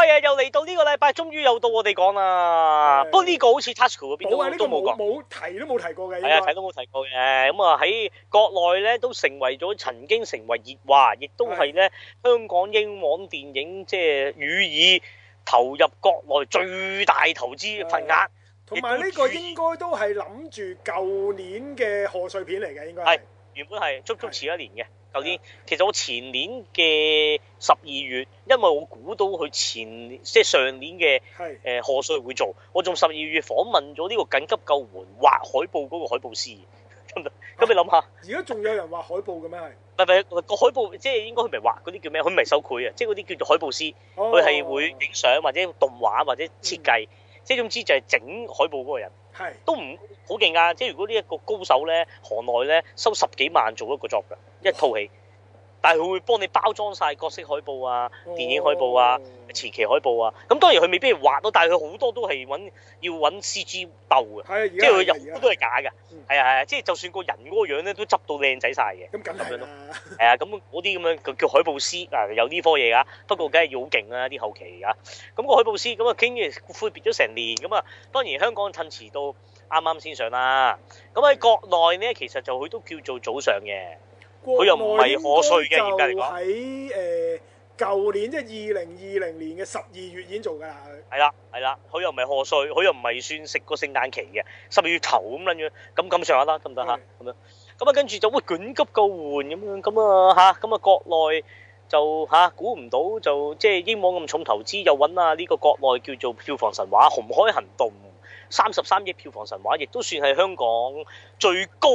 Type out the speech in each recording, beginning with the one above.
係啊，又嚟到呢個禮拜，終於又到我哋講啦。不過呢個好似 Tasuku 是都變到都冇講。冇提都冇提過嘅。係、嗯、啊，睇都冇提過嘅。咁啊喺國內咧都成為咗曾經成為熱話，亦都係咧的香港英皇電影即係予以投入國內最大投資嘅份額。同埋呢個應該都係諗住舊年嘅賀歲片嚟嘅，應該係原本係足足遲一,一年嘅。舊年其實我前年嘅十二月，因為我估到佢前即係上年嘅誒賀歲會做，我仲十二月訪問咗呢個緊急救援畫海報嗰個海報師。咁你咁你諗下，而家仲有人畫海報嘅咩？係唔係個海報？即係應該佢唔係畫嗰啲叫咩？佢唔係手繪啊， 即係嗰啲叫做海報師，佢係會影相或者動畫或者設計，哦嗯、即係總之就係整海報嗰個人。都唔好勁啊！即係如果呢一個高手咧，行內咧收十幾萬做一個 job 㗎，一套戲。但係佢會幫你包裝晒角色海報啊、電影海報啊、前期海報啊。咁當然佢未必畫到，但係佢好多都係揾要揾 C G 鬥嘅，即係佢入好多係假㗎。係啊係啊，即係的就算個人嗰個樣咧都執到靚仔晒嘅，咁、嗯、樣咯。係啊，咁嗰啲咁樣叫海報師啊，有呢科嘢㗎。不過梗係要好勁啦，啲後期而、啊、咁、咁個海報師咁啊，經年闊別咗成年，咁啊，當然香港趁遲到啱啱先上啦。咁喺國內咧，其實就佢都叫做早上嘅。佢又唔係賀歲嘅。嚴格嚟講，喺誒舊年即係二零二零年嘅十二月已經做㗎啦。係啦，係啦，佢又唔係賀歲，佢又唔係算食個聖誕期嘅十二月頭咁樣。咁咁上下啦，唔得嚇？咁樣咁啊，跟住就緊、哎、急救援咁樣。咁啊吓，咁啊國內就吓、啊，估唔到就，就即、是、係英皇咁重投資又揾啊呢個國內叫做票房神話《紅海行動》，三十三億票房神話，亦都算係香港最高。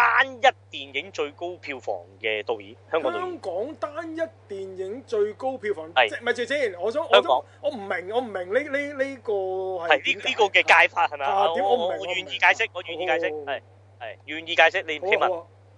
單一電影最高票房嘅導演，香港導演。香港單一電影最高票房，唔係借先，我想，香港，我唔明，我唔明呢呢呢個係呢呢個嘅解法係咪？我唔願意解釋，我願意解釋，係係願意解釋，你請問，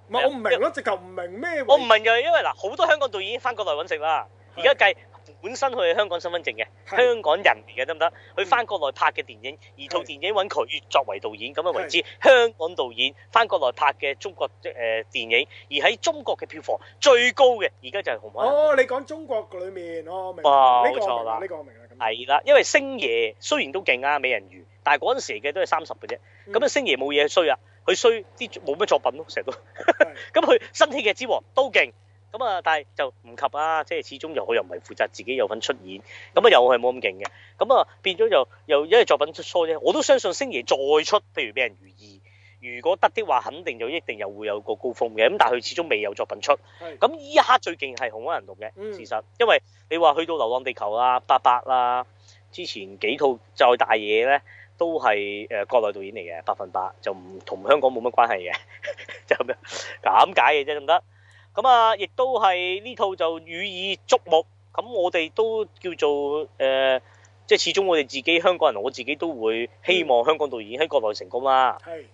我唔明啊，直頭唔明咩？我唔明就係因為嗱，好多香港導演已經返國內揾食啦，而家計。本身佢係香港身份證嘅，的香港人嚟嘅得唔得？佢翻國內拍嘅電影，而套電影揾佢作為導演咁啊，的為之香港導演翻國內拍嘅中國誒、呃、電影，而喺中國嘅票房最高嘅，而家就係紅海哦，你講中國裏面、哦、我明白，呢、哦、個冇錯啦，呢個明啦。係啦，因為星爺雖然都勁啊，《美人魚》但，但係嗰陣時嘅都係三十嘅啫。咁啊，星爺冇嘢衰啊，佢衰啲冇咩作品咯，成日都。咁佢《新喜劇之王》都勁。咁啊，但係就唔及啊，即係始終又我又唔係負責自己有份出演，咁啊又我係冇咁勁嘅，咁啊變咗又又因為作品出錯啫，我都相信星爺再出，譬如俾人如意，如果得的話，肯定就一定又會有個高峰嘅，咁但係佢始終未有作品出，咁依是一刻最勁係洪安人同嘅、嗯、事實，因為你話去到《流浪地球》啦、《八百》啦，之前幾套再大嘢咧，都係誒國內導演嚟嘅，百分百，就唔同香港冇乜關係嘅， 就咁樣咁解嘅啫，得唔得？咁啊，亦都係呢套就予以矚目，咁我哋都叫做誒、呃、即係始終我哋自己香港人，我自己都會希望香港導演喺國內成功啦。係。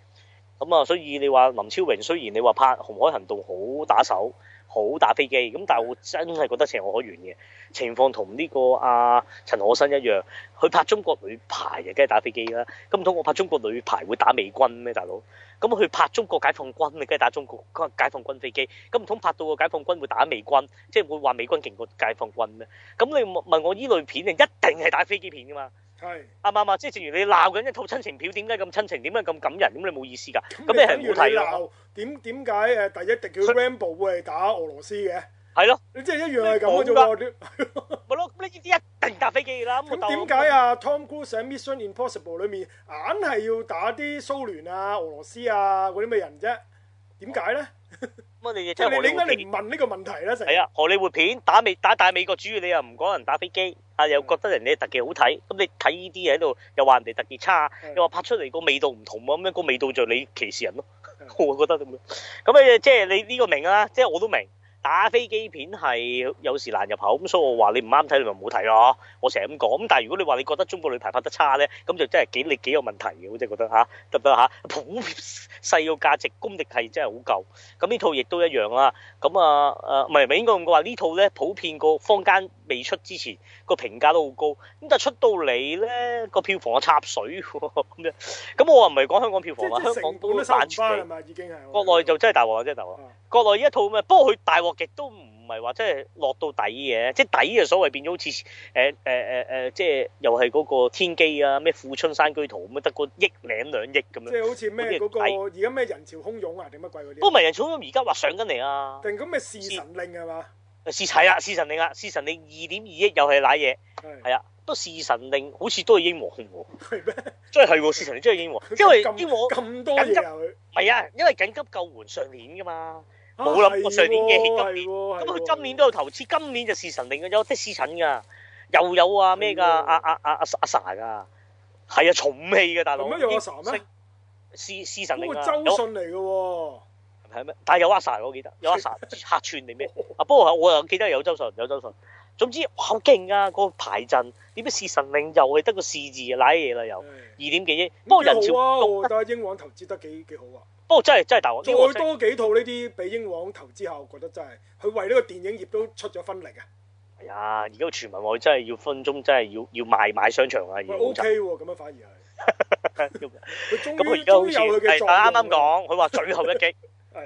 咁啊，所以你話林超賢雖然你話拍《紅海行動》好打手。好打飛機咁，但係我真係覺得情有可原嘅情況，啊，同呢個阿陳可辛一樣，佢拍中國女排就梗係打飛機啦。咁唔通我拍中國女排會打美軍咩，大佬？咁佢拍中國解放軍，你梗係打中國解放軍飛機。咁唔通拍到個解放軍會打美軍，即係會話美軍勁過解放軍咩？咁你問我依類片啊，一定係打飛機片噶嘛？係啱唔啱？即係正如你鬧緊一套親情片，點解咁親情？點解咁感人？咁你冇意思噶。咁你係唔好睇噶。咁如果你鬧點點解？誒，第一滴叫 Rambo 係打俄羅斯嘅。係咯，你即係一樣係咁嘅啫。冇啦，咁你呢啲一定搭飛機啦。咁點解啊？Tom Cruise 喺 Mission Impossible 裏面硬係要打啲蘇聯啊、俄羅斯啊嗰啲咩人啫？點解咧？乜？你即係我你點解唔問呢個問題咧？成係啊，荷里活片打美打大美國主義，你又唔講人打飛機，啊又覺得人哋特技好睇，咁你睇呢啲嘢喺度，又話人哋特技差，的又話拍出嚟個味道唔同啊，咁、那、樣個味道就你歧視人咯， 我覺得咁，咁啊即係你呢、就是、個明啊，即、就、係、是、我都明。打飛機片係有時難入口，咁所以我話你唔啱睇，你咪唔好睇咯。我成日咁講，咁但係如果你話你覺得中國女排拍得差咧，咁就真係幾你幾個問題嘅，我真係覺得吓，得唔得吓，普世個價值功力係真係好夠，咁呢套亦都一樣啦。咁啊誒，唔係唔應該咁講啊？呢套咧普遍個坊間未出之前個評價都好高，咁但係出到嚟咧個票房啊插水咁樣。咁我話唔係講香港票房啊，香港都反轉嘅。國內就真係大鑊啊，真係大鑊。國內呢一套咩？不過佢大鑊。亦都唔係話真係落到底嘅，即係底就所謂變咗好似誒誒誒誒，即係又係嗰個天機啊，咩富春山居圖咁啊，得個億兩兩億咁樣。即係好似咩嗰個而家咩人潮洶湧啊，定乜鬼嗰啲？不過唔係人潮洶湧而家話上緊嚟啊！定咁咩侍神令係嘛？侍齊啊，侍神令啊，侍神令二點二億又係瀨嘢，係啊，都侍神令，好似都係英皇喎。係咩？真係係喎，侍神令真係英皇，因為英皇咁多嘢，唔係啊，因為緊急救援上年㗎嘛。冇諗過上年嘅，今年咁佢今年都有投資，今年就侍神令嘅有，即係士陳噶，又有的啊咩噶、啊啊，阿阿阿阿 sa 噶，係啊重氣嘅大佬，已經升士侍神令啊，有周迅嚟嘅，係咩、啊？但係有，、啊、有阿 sa， 啊、我記得有阿 sa，客串定咩？啊，不過我又記得有周迅，有周迅，總之好勁啊個排陣。點解侍神令又係得個侍字？瀨嘢啦又，二點幾億。不過人潮都，但英皇投資得幾幾好啊！不過真係真係大鑊，再多幾套呢啲俾英皇投資後，覺得真係佢為呢個電影業都出咗分力啊！係啊，而家傳聞話佢真係要分鐘，真係要要賣賣商場啊！已經 O K 喎，咁樣反而係。佢終於有佢嘅，啱啱講，佢話最後一擊，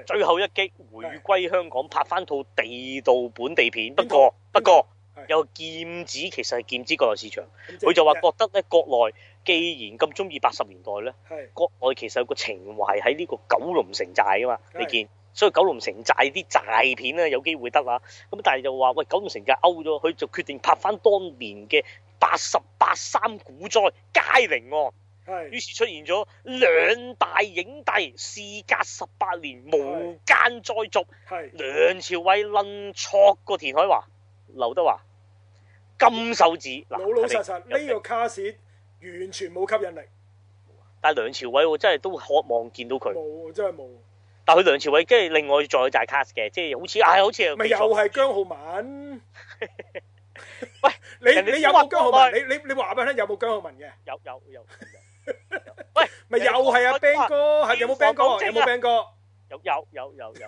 最後一擊，回歸香港拍翻套地道本地片。不過不過，有劍指其實係劍指國內市場。佢就話覺得咧，國內，既然咁中意八十年代咧，是國外其實有個情懷喺呢個九龍城寨㗎嘛，是你見，所以九龍城寨啲債片咧有機會得啦。咁但係就話喂九龍城寨歐咗，佢就決定拍翻當年嘅八十八三股災佳寧案，啊、是於是出現咗兩大影帝，事隔十八年無間再續。梁朝偉撚錯個田海華，劉德華金手指，老老實實呢個卡士。完全冇吸引力，但係梁朝偉我真係都渴望見到佢。冇，真係冇。但係佢梁朝偉跟係另外再有大 cast 嘅，即係好似，咪又係姜浩文。喂，你你有冇姜浩文？你你你話俾我聽，有冇姜浩文嘅？有有有。喂，咪又係阿 Bang 哥，係有冇 Bang 哥？有冇 Bang 哥？有有有有有。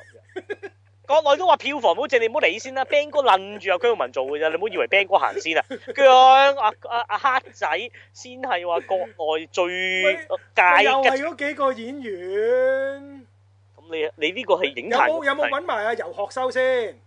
國內都話票房保證，你唔好理先啦。Ben 哥愣住阿姜文做㗎咋，你唔好以為 Ben 哥行先啊。姜阿阿阿黑仔先係話國內最佳。又係嗰幾個演員。咁你你呢個係影壇？有冇有冇揾埋阿游學修先？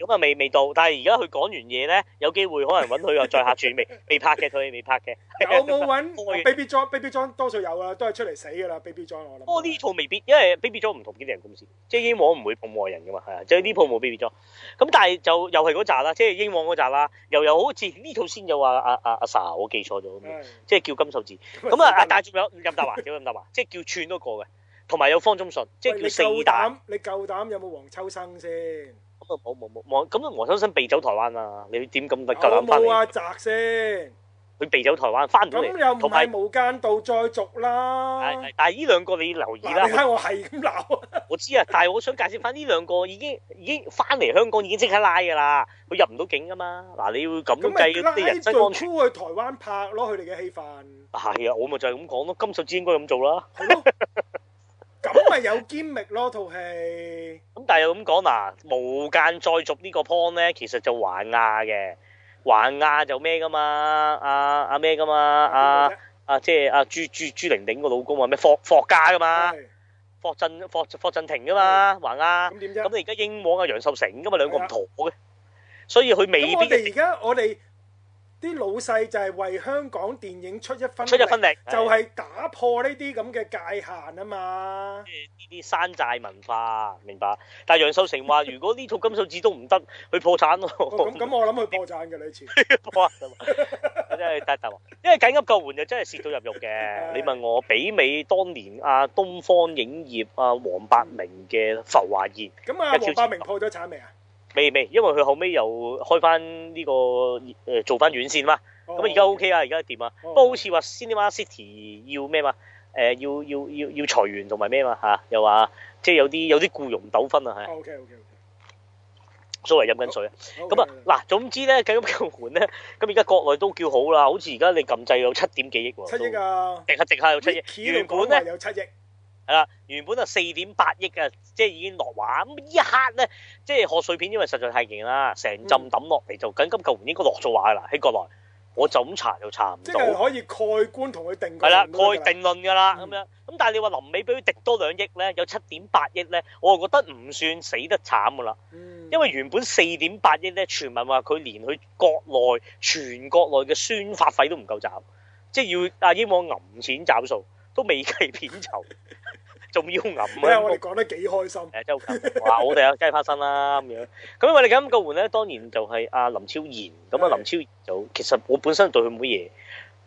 咁啊，未未到，但係而家佢講完嘢咧，有機會可能揾佢 啊，再客串未未拍嘅，佢未拍嘅。有冇揾 Baby John Baby John 多數有啊，都係出嚟死噶啦 Baby John 我諗。哦，呢套未必，因為 Baby John 唔同經紀人公司，即係英皇唔會捧外人噶嘛，係啊，即係呢套冇 Baby John。咁但係就又係嗰集啦，即係英皇嗰集啦，又又好似呢套先有啊阿阿阿 sa，我記錯咗，即係叫金手指。咁啊的，阿、嗯、大仲有任達華叫任達華，即係叫串嗰個嘅，同埋有方中信，即、就、係、是、叫四膽。你夠膽？你夠膽有冇黃秋生先？咁冇冇冇，咁啊，黃秋生避走台灣啦，你點咁夠膽翻嚟？冇啊，賊先。佢避走台灣，翻唔到嚟，同埋唔係無間道再續啦。但係呢兩個你留意啦。你睇我係咁鬧。我知啊，但係我想介紹翻呢兩個已經已經翻嚟香港，已經即刻拉噶啦，佢入唔到境噶嘛。嗱，你要咁計啲人身安全去台灣拍，攞佢哋嘅戲份。係啊、哎，我咪就係咁講咯，金手指應該咁做啦。對咯 咁咪有揭秘咯，套戲。咁但係又咁講嗱，無間再續呢個 point 咧，其實就寰亞嘅，寰亞就咩噶嘛？阿阿咩噶嘛？阿阿即係阿朱朱朱玲玲個老公話咩霍霍家噶嘛？霍震霍霍震霆噶嘛？寰亞。咁點啫？咁你而家英皇阿楊受成噶嘛？兩個唔妥嘅，所以佢未必。我哋而家我哋。啲老細就係為香港電影出一分力，出一分力就係打破呢啲咁嘅界限啊嘛！呢啲山寨文化，明白。但係楊受成話： 如果呢套金手指都唔得，佢破產咯。咁咁、 哦，我諗佢破產嘅呢次。真係得得因為緊急救援就真係蝕到入肉嘅。 你問我，媲美當年阿東方影業阿黃百鳴嘅浮華宴。咁啊， 黃百鳴破咗產未啊？未未，因為佢後尾又開翻呢、這個誒、呃、做翻院線嘛，咁而家 OK 啊，而家點啊？不過、哦、好似話 Cinema City 要咩嘛、啊？誒、呃、要要要要裁員同埋咩嘛嚇？又話即係有啲有啲僱傭糾紛啊係、哦。OK OK OK。所謂飲緊水啊，咁啊嗱，總之咧緊急救援咧，咁而家國內都叫好啦，好似而家你撳制有七點幾億喎、啊，七億定係定係有七億，原本咧有七億。係啦，原本啊四點八億啊，即係已經落畫咁一刻咧，即係賀歲片，因為實在太勁啦，成浸抌落嚟就咁，舊年應該落咗畫噶啦喺國內，我就咁查就查唔到，即可以蓋棺同佢定係啦，蓋定論噶啦咁樣，咁但係你話臨尾俾佢滴多兩億咧，有七點八億咧，我啊覺得唔算死得慘噶啦，嗯、因為原本四點八億咧，傳聞話佢連佢國內全國內嘅宣發費都唔夠找，即係要阿英王揞錢找數。都未計片酬，仲要揞啊！我哋講得幾開心誒，周、 嗯、生話我哋啊，梗係翻身啦咁樣。咁我哋今日嘅救援咧，當然就係阿林超賢咁啊。林超，的林超賢就其實我本身對佢冇乜嘢誒，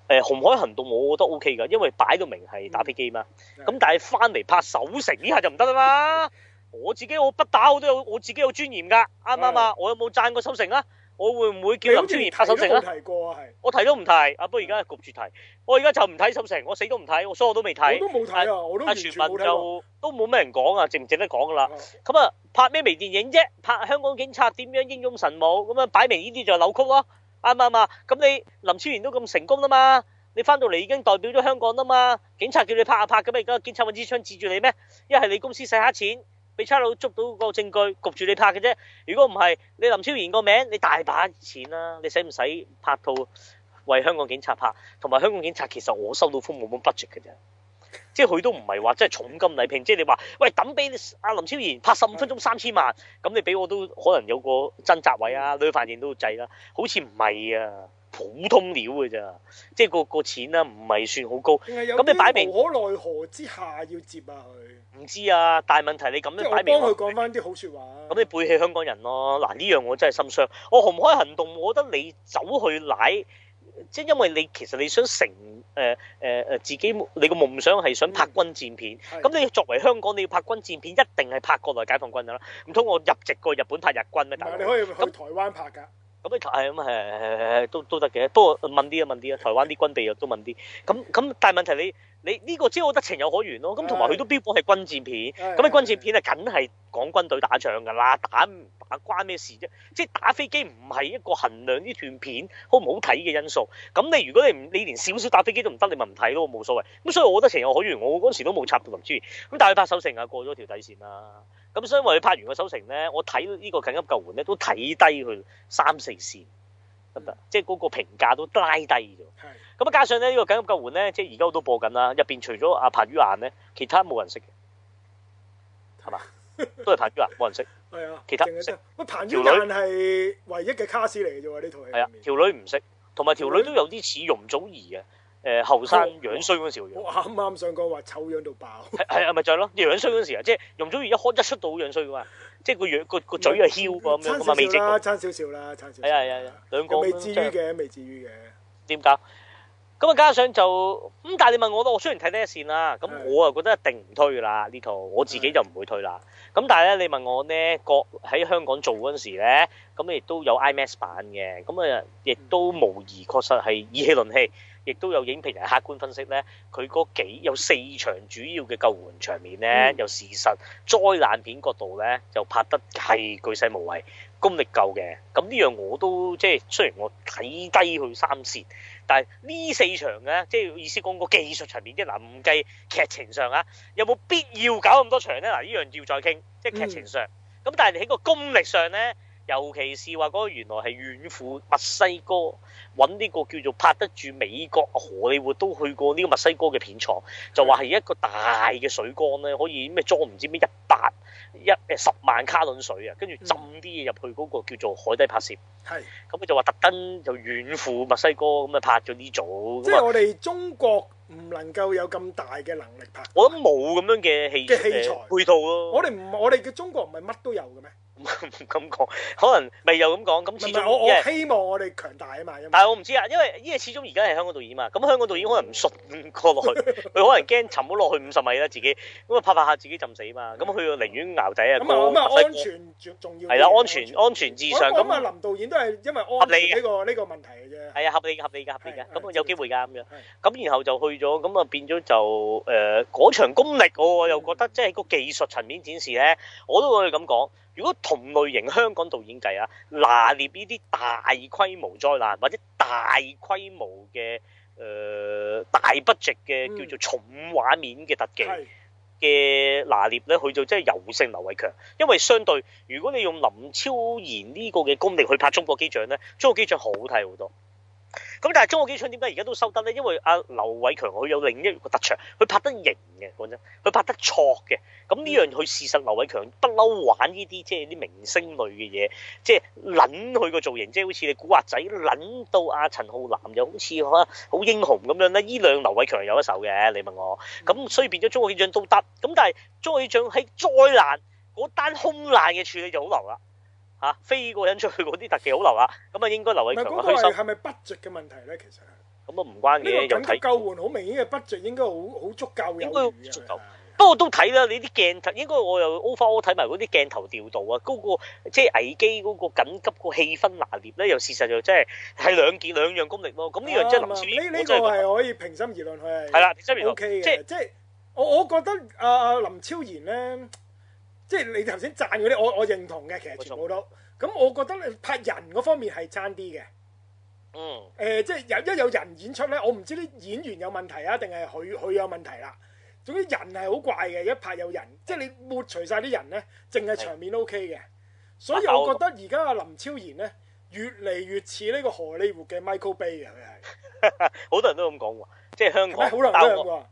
呃《紅海行動》我覺得 O K 噶，因為擺到明係打飛機嘛。咁、嗯、但係翻嚟拍守城呢下就唔得啦嘛！的我自己我不打我都有我自己有尊嚴噶，啱唔啱啊？我有冇讚過守城啊？我會唔會叫林超賢拍守城？咧？我提過啊，係我提都唔提。不過係而家焗住提，我而家就唔睇守城，我死都唔睇，我疏我都未睇。我都冇睇、啊、我都全部冇、啊、都冇咩人講啊，值唔值得講噶啦？咁啊，啊，拍咩微電影啫？拍香港警察點樣英勇神武咁啊？擺明呢啲就扭曲咯，啱唔啱啊？咁你林超賢都咁成功啦嘛？你翻到嚟已經代表咗香港啦嘛？警察叫你拍啊拍，咁而家警察咪支槍指住你咩？一係你公司使下錢。被差佬捉到個證據，焗住你拍嘅啫。如果唔係，你林超賢個名，你大把錢啦、啊。你使唔使拍套為香港警察拍？同埋香港警察其實我收到風冇乜 budget 嘅啫，即係佢都唔係話即係重金禮聘。即係你話，喂，抌俾阿林超賢拍十五分鐘三千萬，咁你俾我都可能有個掙扎位啊，女犯人都制啦，好似唔係啊。普通料嘅咋，即係個個錢啦，唔係算好高。咁是你擺明無可奈何之下要接啊佢。唔知啊，大問題係你咁樣即是 你擺明，我幫佢講翻啲好説話、啊。咁你背棄香港人咯？嗱呢樣我真係心傷。我、哦、紅海行動，我覺得你走去攋，即係因為你其實你想成誒誒誒自己，你個夢想係想拍軍戰片。咁、嗯、你作為香港，你要拍軍戰片，一定係拍國內解放軍啦。唔通我入籍過日本拍日軍咩？唔係不，但我你可以去台灣拍㗎。咁你係咁，係係係係都都得嘅。不過問啲啊，問啲啊，台灣啲軍地啊，都問啲。咁、嗯、咁、嗯嗯，但係問題你。你呢、這個即係我覺得情有可原咯，咁同埋佢都標榜係軍戰片，咁樣、嗯、軍戰片啊，梗係講軍隊打仗㗎啦，打唔打關咩事啫？即係打飛機唔係一個衡量呢段片好唔好睇嘅因素。咁你如果你你連少少打飛機都唔得，你咪唔睇咯，冇所謂。咁所以我覺得情有可原，我嗰陣時都冇插林超賢。咁但係佢拍守城啊，過咗條底線啦。咁所以話佢拍完個守城咧，我睇呢個緊急救援咧，都睇低佢三四線得唔得？即係嗰個評價都拉低咗。咁加上咧呢個緊急救援咧，即係而家都播緊啦。入邊除咗阿彭于晏咧，其他冇人識嘅，係嘛？都係彭于晏，冇人識，係啊。其他，我彭于晏係唯一嘅卡士嚟嘅啫，呢套係啊，條女唔識，同埋條女都有啲似容祖兒嘅，誒，後生樣衰嗰陣時嘅。我啱啱想講話醜樣到爆，係咪就係咯，樣衰嗰陣時啊，即係容祖兒一開一出到好樣衰嘅嘛，即係個樣個個嘴啊，嬌咁樣咁啊，未至於啦，爭少少啦，爭少少。係啊係啊，兩個未至於嘅，未至於嘅點解。咁啊，加上就咁，但係你問我咯，我雖然睇呢一線啦，咁我又覺得一定唔推啦呢套，我自己就唔會推啦。咁但係咧，你問我呢，個喺香港做嗰陣時咧，咁亦都有 IMAX 版嘅，咁啊，亦都無疑確實係以戲論戲，亦都有影評人客觀分析咧，佢嗰幾有四場主要嘅救援場面咧，有、嗯、事實災難片角度咧，就拍得係巨細無遺，功力夠嘅。咁呢樣我都即係雖然我睇低佢三線。但係呢四場嘅、啊，即係意思講個技術層面啲嗱，唔、啊、計劇情上啊，有冇必要搞咁多場咧？嗱、啊，依樣要再傾，即係劇情上。咁但係你喺個功力上咧，尤其是話嗰個原來係遠赴墨西哥揾呢個叫做拍得住美國、啊、荷里活都去過呢個墨西哥嘅片廠，就話係一個大嘅水缸咧，可以咩裝唔知咩一百，一誒十萬卡倫水啊，跟住浸啲嘢入去嗰個叫做海底拍攝，係咁佢就話特登就遠赴墨西哥咁啊拍咗呢組。即係我哋中國唔能夠有咁大嘅能力拍。我諗冇咁樣嘅器材，器材配套咯、啊。我哋唔我哋嘅中國唔係乜都有嘅咩？唔敢講，可能咪又咁講。咁始終我我希望我哋強大啊嘛。但係我唔知啊，因為呢嘢始終而家係香港導演嘛。咁香港導演可能唔熟過落去，佢可能驚沉唔落去五十米啦，自己咁啊，拍拍下自己浸死啊嘛。咁佢寧願捱底啊，咁啊安全仲重要。係啦，安全安全至上咁啊。林導演都係因為合理呢個呢個問題啫。係啊，合理嘅，合理嘅，合理嘅。咁有機會㗎咁樣。咁然後就去咗，咁啊變咗就誒嗰場功力喎，我又覺得即係個技術層面展示咧，我都可以咁講。如果同類型香港導演計啊，拿捏呢啲大規模災難或者大規模嘅誒、呃、大 budget 嘅叫做重畫面嘅特技嘅拿捏咧，去到真係猶勝劉偉強，因為相對如果你用林超賢呢個嘅功力去拍中國機長呢《中國機長》咧，《中國機長》好睇好多。咁但係《中國機長》點解而家都收得咧？因為阿劉偉強佢有另一個特長，佢拍得型嘅，講真，佢拍得挫嘅。咁呢樣佢事實劉偉強不嬲玩呢啲，即係啲明星類嘅嘢，即係捻佢個造型，即係好似你古惑仔捻到阿陳浩南又好似啊好英雄咁樣咧。呢兩劉偉強有一手嘅，你問我。咁所以變咗《中國機長》都得。咁但係《中國機長》係災難，嗰單空難嘅處理就好流啦。嚇、啊、飛個人出去嗰啲特技好流啊！咁啊應該流一級咁開，係咪 budget 嘅問題咧？其實咁都唔關嘅。緊急救援好明顯嘅 budget 應該好好足，足夠，應該足夠。不過都睇啦，你啲鏡頭應該我又 overall 睇埋嗰啲鏡頭調度啊，嗰、那個即係、就是、危機嗰個緊急個氣氛拿捏咧，又事實又真係係兩件兩樣功力咯。咁呢樣、這個啊、即係林超呢呢的個係可以平心而論係係啦，O K 嘅。即即、OK、我我覺得阿、呃、林超賢咧。即係你頭先讚嗰啲，我我認同嘅，其實全部都咁。錯我覺得你拍人嗰方面係差啲嘅，嗯，誒、呃，即係有一,一有人演出咧，我唔知啲演員有問題啊，定係佢佢有問題啦。總之人係好怪嘅，一拍有人，即係你抹除晒啲人咧，淨係場面 O K 嘅。對所以我覺得而家阿林超賢咧，越嚟越似呢個荷里活嘅 Michael Bay，佢係好多人都咁講喎，即係香港，好多人都講，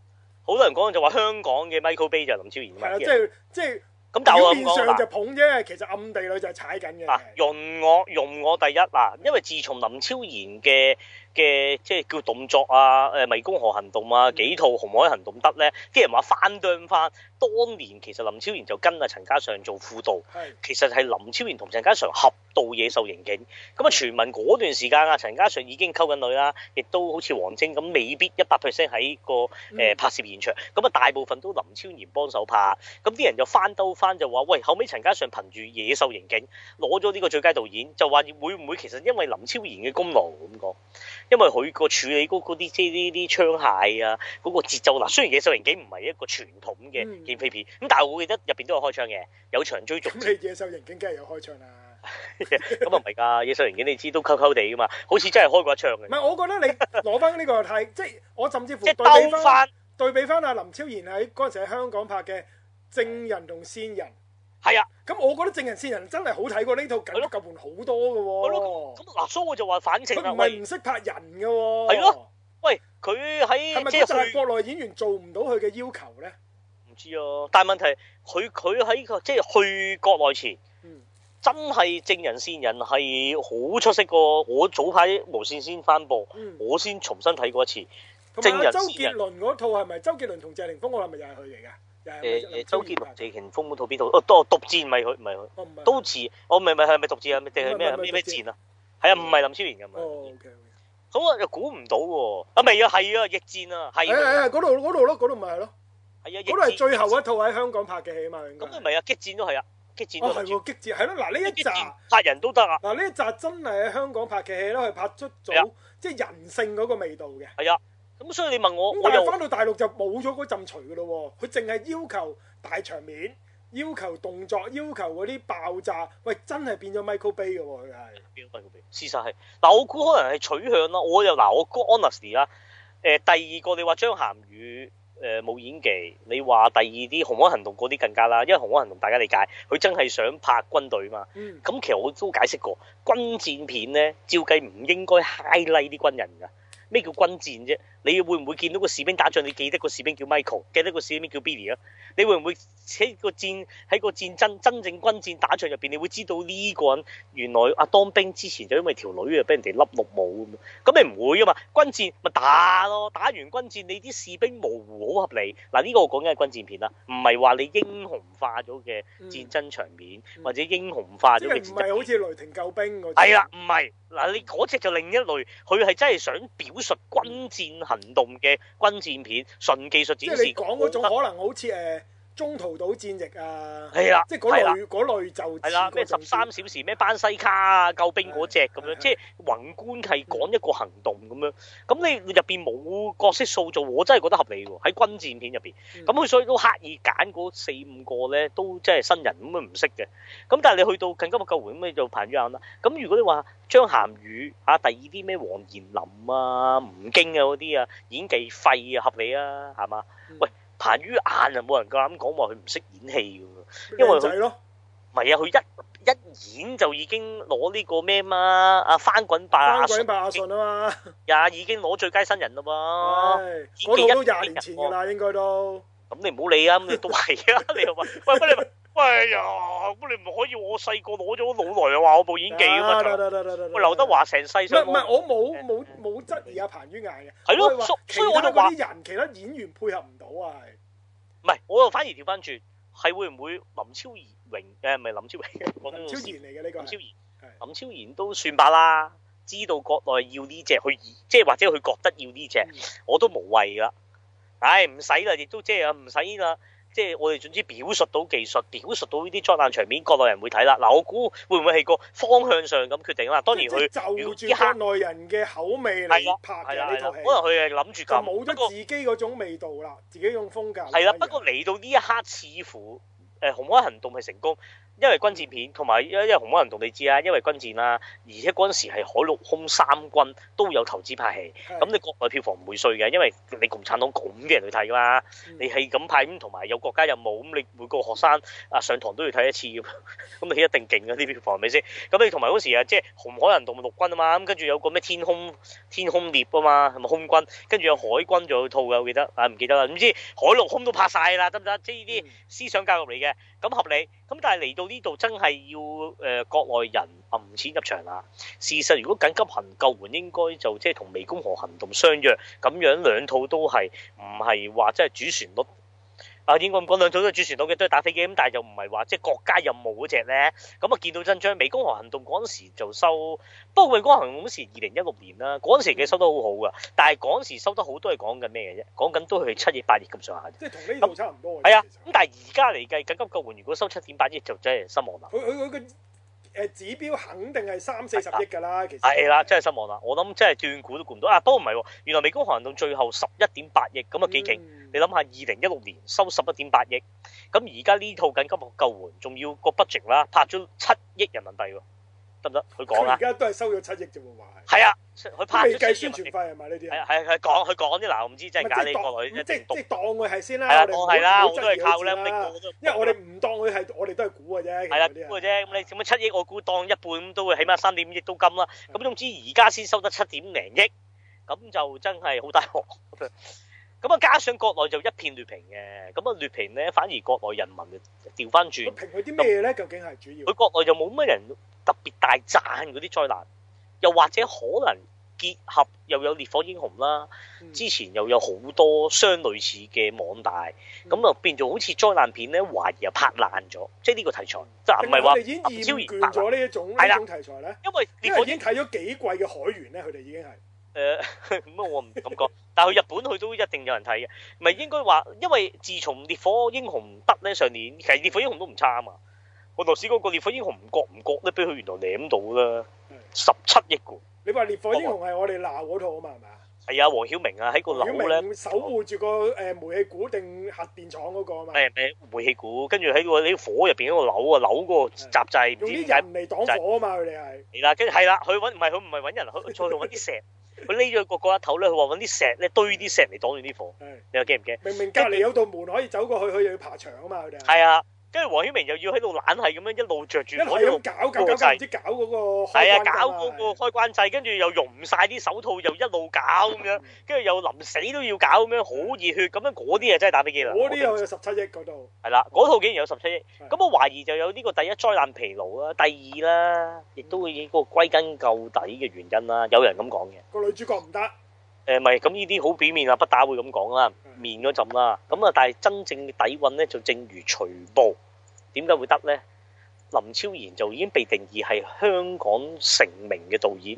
好對多人講就話香港嘅 Michael Bay 就係林超賢嘅，係啊，即係即係。咁但表面上就捧啫，其實暗地裏就係踩緊嘅。嗱、啊，容我容我第一嗱，因為自從林超賢嘅嘅即係叫動作啊，誒湄公河行動啊幾套紅海行動得咧，啲人話翻對翻。當年其實林超賢就跟阿陳嘉上做副導，的其實係林超賢同陳嘉上合導《野獸刑警》嗯。咁啊傳聞嗰段時間啊，陳嘉上已經溝緊女啦，亦都好似王晶咁未必一百 percent 喺個誒、呃、拍攝現場。咁啊、嗯、大部分都林超賢幫手拍。咁啲人就翻兜翻就話，喂，後尾陳嘉上憑住《野獸刑警》攞咗呢個最佳導演，就話會唔會其實因為林超賢嘅功勞咁講？因為佢個處理嗰啲即係啲啲槍械啊，嗰、那個節奏嗱，雖然《野獸刑警》唔係一個傳統嘅。嗯咁，但係我記得入邊都有開槍嘅，有場追逐你野、啊。 野獸刑警梗係有開槍啦，咁啊唔係噶野獸刑警，你知都溝溝地噶嘛，好似真係開過一槍嘅。唔係，我覺得你攞翻呢個係， 即係我甚至乎即對比翻對比翻阿林超賢喺嗰陣時喺香港拍嘅證人同線人係啊。咁、嗯、我覺得證人線人真係好睇過呢套、哦，緊急救援好多噶。咁嗱、啊，蘇、啊、我就話反正佢唔係唔識拍人噶、哦，係咯、啊？喂，佢喺即係國內演員做唔到佢嘅要求咧。哦，但係問題佢佢喺即係去國內前，真係證人、線人係好出色個。我早排無線先翻播，我先重新睇過一次。證人、周杰倫嗰套係咪周杰倫同謝霆鋒？我係咪又係佢嚟噶？誒誒，周杰倫、謝霆鋒嗰套邊套？哦，毒毒戰咪佢，唔係佢。都劍，我咪咪係咪毒戰啊？定係咩咩咩戰啊？係啊，唔係林超賢嘅。哦，O K。咁啊，又估唔到喎。啊，未啊，係啊，逆戰啊，係。誒誒，嗰度嗰度咯，嗰度咪係咯。係啊，嗰都係最後一套喺香港拍嘅戲嘛。咁啊唔啊，激戰都係啊，激戰都係喎，激戰係咯。嗱呢一集拍人都得啊，嗱呢一集真係喺香港拍嘅戲啦，係拍出咗的即係人性嗰個味道嘅。係啊，咁所以你問我，我又係翻到大陸就冇咗嗰陣除噶咯喎，佢淨係要求大場面，要求動作，要求嗰啲爆炸，喂真係變咗 Michael Bay 嘅喎佢係。變 Michael Bay，事實係嗱，我估可能係取向咯。我又嗱，我講 a n a s t a、啊、s i 第二個，你話張涵予，誒冇，呃、演技，你話第二啲《紅海行動》嗰啲更加啦，因為《紅海行動》大家理解，佢真係想拍軍隊嘛。咁、嗯、其實我都解釋過，軍戰片咧，照計唔應該 highlight 啲軍人㗎。咩叫軍戰啫？你要會唔會見到個士兵打仗？你記得個士兵叫 Michael，記得個士兵叫 Billy 啊？你會唔會喺個戰喺個戰爭真正軍戰打仗入邊，你會知道呢個人原來阿當兵之前就因為條女啊俾人哋笠綠帽咁咁你唔會啊嘛？軍戰咪打咯，打完軍戰你啲士兵模糊好合理。嗱呢、呢個我講緊係軍戰片啦，唔係話你英雄化咗嘅戰爭場面、嗯嗯、或者英雄化咗。呢個唔係好似雷霆救兵嗰？係啦，唔係嗱你嗰隻就另一類，佢係真係想表。技術軍戰行動嘅軍戰片，純技術展示。即係你講嗰種可能好，好似誒。中途島戰役啊，係啦，即係嗰類嗰類就係啦，咩十三小時咩班西卡啊救兵嗰隻咁樣，即係宏觀係講一個行動咁樣。咁你入邊冇角色塑造，我真係覺得合理喎。喺軍戰片入邊，咁佢所以都刻意揀嗰四五個咧，都即係新人咁樣唔識嘅。咁但係你去到緊急救援咁咧就彭于晏啦。咁如果你話張涵予，嚇第二啲咩王彥霖啊、吳京啊嗰啲啊，演技廢啊合理啊，係嘛？喂。彭于晏就冇人夠膽講話佢唔識演戲㗎，因為佢，唔係啊，佢一一演就已經攞呢個咩嘛，阿翻滾吧阿，翻滾吧阿信啊嘛，呀 已經攞最佳新人嘞噃，嗰套喂幾都廿年前㗎啦應該都，咁、啊、你唔好理啊，咁你都唔係啊，你又話，喂，唔好 哎呀，咁你唔可以，我細個攞咗好耐又話我冇演技咁、就是、啊！得喂，劉德華成世都唔係我冇冇冇質疑阿彭于晏嘅，係咯，所以我就話啲人，其他演員配合唔到啊，唔係？我就反而調翻轉，係會唔會林超賢榮誒？唔係林超榮，林超賢嚟嘅呢個林超賢，的林超賢都算罷啦。知道國內要呢隻，去即係或者佢覺得要呢隻，嗯、我都無謂啦。唉，唔使啦，亦都即係唔使啦。即係我哋總之表述到技術，表述到呢啲災難場面，國內人會睇啦。嗱，我估會唔會係個方向上咁決定啊？當然佢一刻就內人嘅口味嚟拍嘅呢套戲可能佢係諗住咁，冇咗自己嗰種味道啦，但自己種風格。係啦，不過嚟到呢一刻，似乎誒、呃《紅海行動》係成功，因為軍戰片，同埋因因為紅海行動你知啊，因為軍戰啦，而且嗰陣時係海陸空三軍都有投資拍戲，咁是的 你國內票房唔會衰嘅，因為你共產黨咁嘅人去睇噶嘛，你係咁拍同埋有國家任務咁，你每個學生啊上堂都要睇一次咁， 你一定勁嘅啲票房係咪先？咁你同埋嗰時啊，即係紅海行動、陸軍啊嘛，咁跟住有個咩天空天空獵啊嘛，係咪空軍？跟住有海軍仲有套嘅，我記得啊唔記得啦，總之海陸空都拍晒啦，得唔得？即係呢啲思想教育嚟嘅，咁合理。咁但係嚟到呢度真係要誒、呃、國內人揞錢入場啦。事實如果緊急行救援，應該就即係同湄公河行動相約，咁樣兩套都係唔係話即係主旋律。啊，應該咁講，兩組都係主旋律嘅，都係打飛機咁，但係又唔係話即係國家任務嗰隻咧。咁啊，見到真章，湄公河行動嗰陣時就收，不過湄公河行動嗰時二零一六年啦，嗰陣時嘅收得好好噶。但係嗰陣時收得好多係講緊咩嘅啫？講緊都係七點八億咁上下。即係同呢度差唔多嘅。係、嗯、啊，咁但係而家嚟計緊急救援，如果收七點八億就真係失望啦。誒，指標肯定係三四十億噶啦，啊、其實係啦、啊，真係失望啦。我諗真係斷估都估唔到啊。不過唔係、啊，原來湄公河行動最後十一點八億咁啊，幾勁。嗯、你諗下二零一六年收十一點八億，咁而家呢套緊急救援仲要個 budget 啦，拍咗七億人民幣喎。得唔得？佢講啦。而家都係收咗七億就冇賣。係 啊，佢拍未計宣傳費係咪呢啲啊？係係係講佢講啲嗱我唔知真係假你過來呢啲。即係當佢係先啦。係啊，當係啦，我都係別、啊、靠呢因為我哋唔當佢係，我哋都係估嘅啫。係啦，估嘅啫。咁你咁七億我估當一半都會起碼三點五億都金啦。咁總之而家先收得七點零億，咁就真係好大鑊。 咁啊，加上國內就一片劣評嘅，咁啊劣評咧，反而國內人民就調翻轉。評佢啲咩咧？究竟係主要？佢國內就冇乜人特別大讚嗰啲災難，又或者可能結合又有烈火英雄啦，嗯、之前又有好多相類似嘅網大，咁啊、嗯、變做好似災難片咧，懷疑又拍爛咗，即係呢個題材，就唔係話消而白呢一種。係啦，因為烈火已經睇咗幾季嘅海員咧，佢哋、嗯、已經係。誒，咁啊、呃，我唔敢講，但係去日本佢都一定有人睇嘅。唔係應該話，因為自從《烈火英雄》唔得咧，上年其實《烈火英雄》都唔差啊嘛。我頭先嗰個《烈火英雄》唔覺唔覺咧，俾佢原來舐到啦，十七億噶。你話《烈火英雄》係我哋鬧嗰套啊嘛，係咪說？係啊，黃曉明啊，喺個樓咧，守護住個誒煤氣鼓定核電廠嗰個啊嘛。係煤氣鼓？跟住喺個呢火入邊嗰個樓啊，樓個閘掣點解用啲人嚟擋火啊嘛，佢哋係。係啦、啊，跟住係啦，佢搵唔係佢唔係搵人，佢再搵啲石。 佢匿咗個嗰一頭咧，佢話揾啲石咧，堆啲石嚟擋住啲火。 你話驚唔驚？明明隔離有道門可以走過去，佢又要爬牆啊嘛！佢哋。係啊。跟住黃曉明又要喺度懶係咁樣一路着住嗰度，一路搞搞搞，唔知搞嗰個開關掣，係啊，搞嗰個開關掣，跟住是又融唔曬啲手套，又一路搞咁樣，跟住、嗯、又臨死都要搞咁樣，好熱血咁樣嗰啲啊，真係打飛機啦！嗰啲又有十七億嗰套。係啦、啊，嗰套竟然有十七億，咁是我懷疑就有呢個第一災難疲勞啦，第二啦，亦都以個歸根究底嘅原因啦，有人咁講嘅。個女主角唔得。誒咪咁呢啲好表面啊，不打會咁講啦，面嗰陣啦，咁啊但係真正嘅底蘊咧就正如徐步。點解會得咧？林超賢就已經被定義係香港成名嘅導演。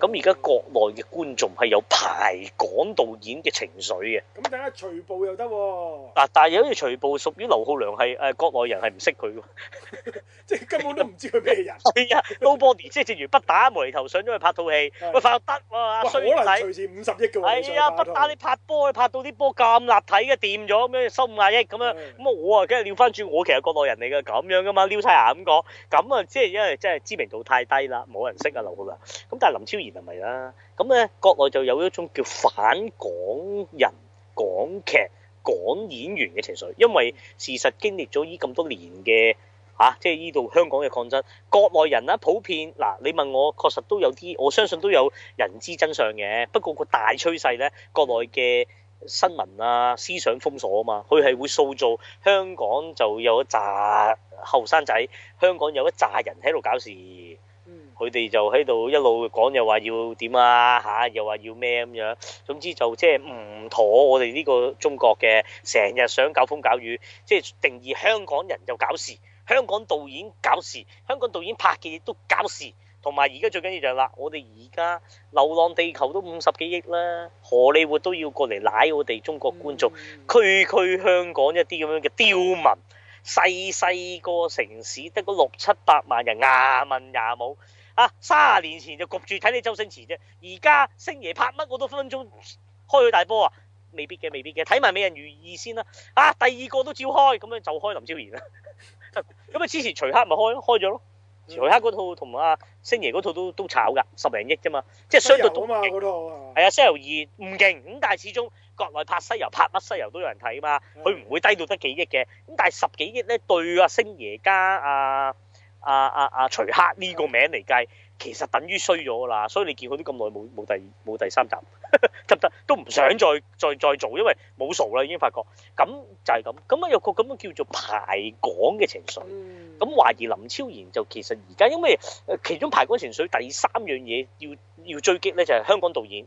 咁而家國內嘅觀眾係有排港導演嘅情緒嘅。咁等下徐步又得喎。嗱，但係又好似徐步屬於劉浩良係誒、呃、國內人係唔識佢喎， 即係根本都唔知佢咩人。係 啊，Nobody， 即係正如不打無厘頭，上咗去拍套戲，喂發得哇衰睇。可能隨時五十億嘅喎。係啊，不打你拍波，拍到啲波咁立體嘅，掂咗咁樣收五十億咁樣。咁我啊，梗係撩翻轉，我其實國內人嚟嘅，咁樣噶嘛，撩晒牙咁講。咁啊，即係、啊、因，因為真係知名度太低啦，冇人識啊劉浩良。咁但林超賢係咪啦？咁、嗯、咧，國內就有一種叫反港人、港劇、港演員嘅情緒，因為事實經歷咗依咁多年嘅嚇、啊，即係依度香港嘅抗爭，國內人啦、啊、普遍嗱，你問我，確實都有啲，我相信都有人知真相嘅。不過個大趨勢咧，國內嘅新聞啊、思想封鎖啊嘛，佢係會塑造香港就有一紮後生仔，香港有一紮人喺度搞事。佢哋就喺度一路講、啊啊，又話要點啊嚇，又話要咩咁樣。總之就即係唔妥，我哋呢個中國嘅成日想搞風搞雨，即係定義香港人就搞事，香港導演搞事，香港導演拍嘅嘢都搞事。同埋而家最緊要就係啦，我哋而家流浪地球都五十幾億啦，荷里活都要過嚟奶我哋中國觀眾，嗯、區區香港一啲咁樣嘅刁民，細細個城市得嗰六七百萬人，廿文廿武。啊！卅年前就焗住睇你周星馳啫，而家星爺拍乜我都分分鐘開佢大波啊！未必嘅，未必嘅，睇埋《美人魚二》先啦。啊，啊，第二個都照開，咁樣就開林超然啦。咁啊，之前徐克咪開咯，開咗咯。徐克嗰套同埋阿星爺嗰套都都炒噶，十零億啫嘛，即係相對都勁。係啊，《西遊二》唔勁，咁但係始終國內拍西遊，拍乜西遊都有人睇啊嘛。佢唔會低到得幾億嘅，咁但係十幾億咧對啊，星爺家啊。阿阿阿徐克呢個名嚟計，其實等於衰咗啦，所以你見佢啲咁耐冇冇第冇第三集，得唔得？都唔想再再再做，因為冇數啦，已經發覺。咁就係、是、咁，咁啊有個咁樣叫做排港嘅情緒。咁懷疑林超賢就其實而家，因為其中排港情緒第三樣嘢要要追擊咧就係香港導演，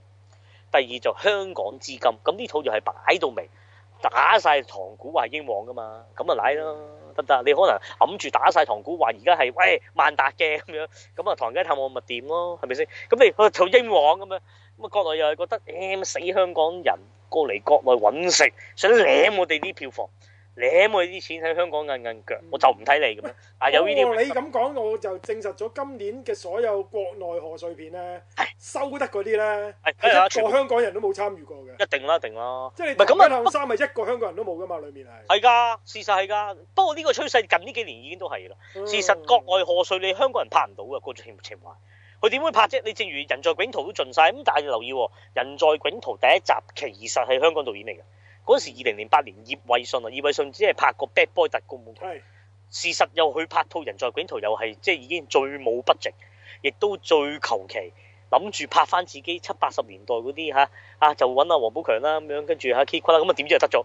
第二就香港資金。咁呢套就係擺到明，打晒唐古話英皇噶嘛，咁啊賴咯。唔得，你可能揞住打晒唐古話，而家係喂萬達嘅咁樣，咁啊唐人街探案咪掂咯，係咪先？咁你去做英皇咁樣，咁啊國內又係覺得、欸、死香港人過嚟國內揾食，想舐我哋啲票房。你舐我啲錢喺香港硬硬腳，我就唔睇你噶嘛。嗯、啊，有呢啲。你咁講，我就證實咗今年嘅所有國內賀歲片咧，是收得嗰啲咧，哎、其實，全香港人都冇參與過嘅。一定啦，一定啦。即係唔係咁啊？三咪一個香港人都冇噶嘛，裡面係。係㗎，事實係㗎。不過呢個趨勢近呢幾年已經都係啦。嗯、事實，國內賀歲你香港人拍唔到㗎，個種情懷。佢點會拍啫？你正如、哦《人在囧途》都盡晒。咁，但係你留意《人在囧途》第一集其實係香港導演嚟嘅。嗰時二零零八年，葉偉信啊，葉偉信只係拍過《Bad Boy》特工。門口是，事實又去拍套《人在囧途是》，又係即係已經最冇 budget，亦都最求其。諗住拍翻自己七八十年代嗰啲吓，啊就揾阿王寶強啦咁樣，跟住阿 k e 啦，咁啊點、啊、知就得咗，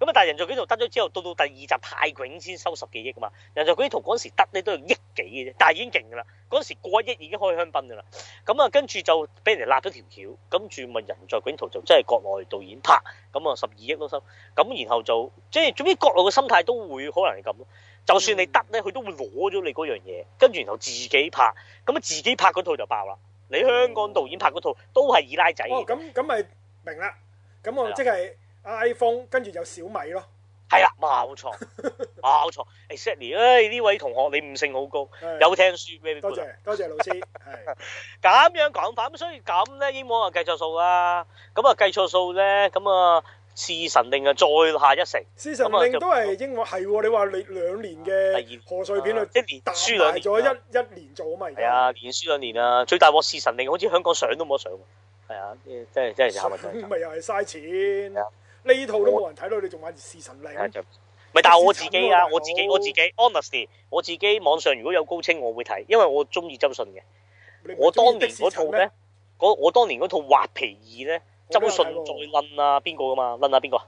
咁啊但係人在囧途得咗之後，到到第二集泰囧先收十幾億啊嘛，人在囧途嗰時得咧都係億幾嘅啫，但係已經勁噶啦，嗰時過億已經開香檳噶啦，咁啊跟住就俾人哋立咗條橋，跟住咪人在囧途就真係國內導演拍，咁啊十二億都收，咁然後就即係總之國內嘅心態都會可能係咁咯，就算你得咧，佢都會攞咗你嗰樣嘢，跟住然後自己拍，咁啊自己拍嗰套就爆啦。你香港導演拍嗰套都係二奶仔嘅。哦，咁咁咪明啦。咁我即係 iPhone，、啊、跟住有小米咯。係啊，冇錯，冇錯、 哎。誒 Shelly 誒呢位同學你悟性好高，啊、有聽書。多謝多謝老師。係咁、 啊、樣講法，咁所以咁咧，英皇又計錯數啊。咁啊，計錯數咧，咁啊。侍神令啊，再下一城。侍神令都係英係喎，你話你兩年嘅賀歲片一年輸兩年咗一一年做咪噶？係啊，年輸兩年啊，最大鑊侍神令，好似香港上都冇得上。係啊，即係即係後咪再。咪又係嘥錢。呢套都冇人睇到，你仲玩侍神令？咪但係我自己啊，我自己我自己，honestly，我自己網上如果有高清我會睇，因為我中意周迅嘅。我當年嗰套咧，我當年嗰套畫皮二咧。周迅再揇啊，邊個噶嘛？揇啊邊個、啊？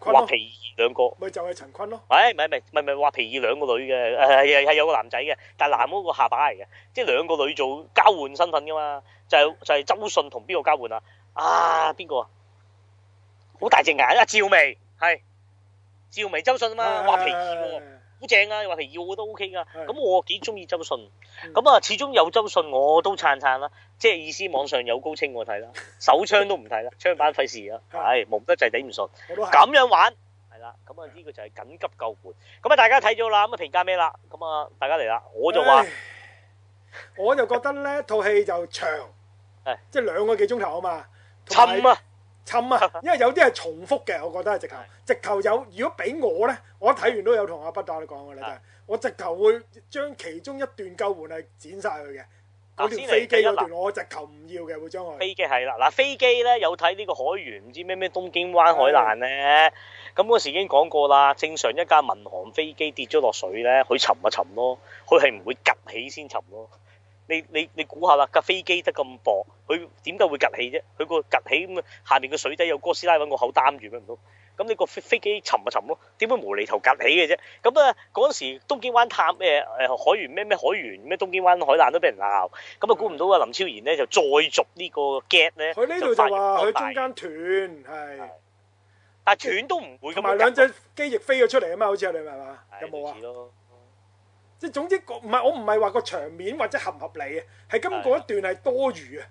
畫皮二兩個咪就係陳坤咯。誒，唔係唔係，唔係唔係畫皮二兩個女嘅，係、哎、係有個男仔嘅，但男嗰個下巴嚟嘅，即係兩個女做交換身份噶嘛，就係、是、就係、是、周迅同邊個交換啊？啊，邊個、啊？好大隻眼，啊，趙薇，係趙薇周迅啊嘛，畫、哎、呀 皮二喎。好正啊！有話題要我都 O K 噶，咁是的 我幾中意周迅，咁啊是的 始終有周迅我都撐撐啦，即係意思網上有高清我睇啦，手槍都唔睇啦，槍版費事啦，唉，冇得滯頂唔順，咁樣玩係啦，咁啊呢個就係緊急救援，咁啊大家睇咗啦，咁啊評價咩啦？咁啊大家嚟啦，我就話、哎，我就覺得呢套戲就長，誒即係兩個幾鐘頭啊嘛，沉啊！沉啊！ 因為有啲係重複嘅，我覺得係直頭。 直頭有，如果俾我咧，我睇完都有同阿不打你講嘅你真係。 我直頭會將其中一段救援剪啊剪晒佢嘅。嗰條飛機嗰段，我直頭唔要嘅，會將佢飛機係啦。嗱、啊、飛機咧有睇呢個海猿，唔知咩咩東京灣海難咧。咁嗰的時已經講過啦。正常一架民航飛機跌咗落水咧，佢沉啊沉咯。佢係唔會急起先沉咯。你你你估下啦，架飛機得咁薄，佢點解會趌起啫？佢個趌起咁啊，下邊個水底有哥斯拉揾個口擔住咩？唔到，咁你個飛飛機沉咪沉咯？點解無厘頭趌起嘅啫？咁啊，嗰陣時東京灣探誒誒海原咩咩海原咩東京灣海難都俾人鬧。咁啊，估唔到啊林超賢咧就再續呢個 gap 咧，佢呢度就話佢中間斷，係，但係斷都唔會咁㗎嘛。同埋兩隻機翼飛咗出嚟啊嘛，好、哎、似你係嘛？有冇啊？即係總之，唔係我唔係話個場面或者合唔合理啊，係今嗰一段係多餘啊，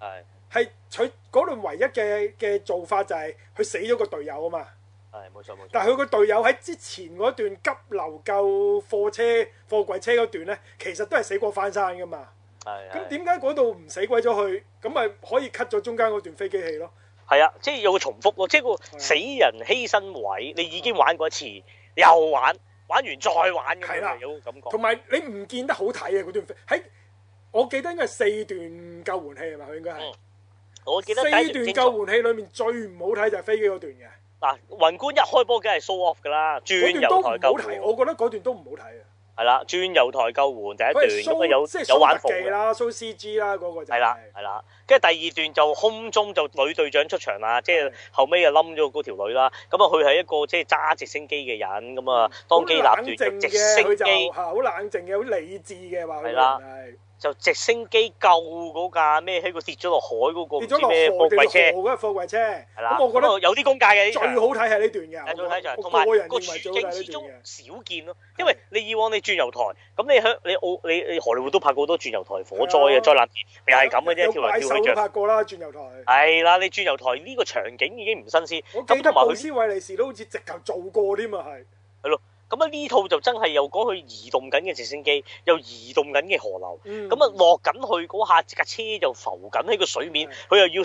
係係取嗰段唯一嘅嘅做法就係佢死咗個隊友啊嘛，係冇錯冇錯，錯但係佢個隊友喺之前嗰段急流救貨車貨櫃車嗰段咧，其實都係死過返生噶嘛，係咁點解嗰度唔死鬼咗佢？咁咪可以 cut 咗中間嗰段飛機戲咯？係啊，即係有個重複咯，即係個死人犧牲位，的你已經玩過一次、嗯、又玩。玩完再玩咁樣嘅感覺，同埋你唔見得好睇啊！段飛，喺，我記得應該係四段救援器係嘛？佢應該係、嗯、我記得四段救援器裏面最唔好睇就係飛機段嘅。嗱、嗯、雲觀一開波梗係 show off 噶啦段都唔好睇，好我覺得段都唔好睇啊。係啦，鑽油台救援第一段咁啊，是有是有玩服嘅。即係蘇特技啦，蘇 C G 啦，嗰個就係啦係啦。跟住第二段就空中就女隊長出場啦，即係了後尾就冧咗嗰條女啦。咁啊，佢係一個即係揸直升機嘅人，咁啊當機立斷。直升機好，嗯、冷靜嘅，好理智嘅話佢係。就直升機救嗰架咩喺個跌咗落海嗰個跌咗落河嘅貨櫃車。咁我覺得有啲功架嘅。最好睇係呢段嘅。睇就同埋個全景始終少見咯。因為你以往你轉油台咁你向你澳你荷里活都拍過好多轉油台火災嘅災難片，又係咁嘅啫。跳嚟跳去著。有怪獸都拍過啦轉油台。係啦，你轉油台呢個場景已經唔新鮮。咁同埋佢斯韋利士都好似直頭做過添嘛係。係咯。咁啊呢套就真係又講去移動緊嘅直升機，又移動緊嘅河流，咁啊落緊去嗰下，架車就浮緊喺個水面，佢、嗯、又要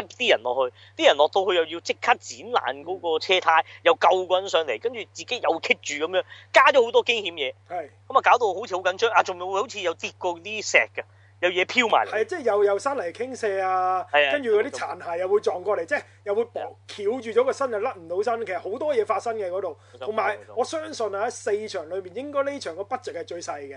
A 啲是的 人落去，啲人落到去又要即刻剪爛嗰個車胎，又救個人上嚟，跟住自己又棘住咁樣，加咗好多驚險嘢，係，咁啊搞到好似好緊張，啊仲會好似又跌過啲石㗎。有嘢飄埋嚟，係即係又又山泥傾瀉啊，跟住嗰啲殘骸又會撞過嚟，即係又會働翹住咗個身，又甩唔到身。其實好多嘢發生嘅嗰度，同埋我相信啊，喺四場裏面應該呢場個 budget 係最細嘅，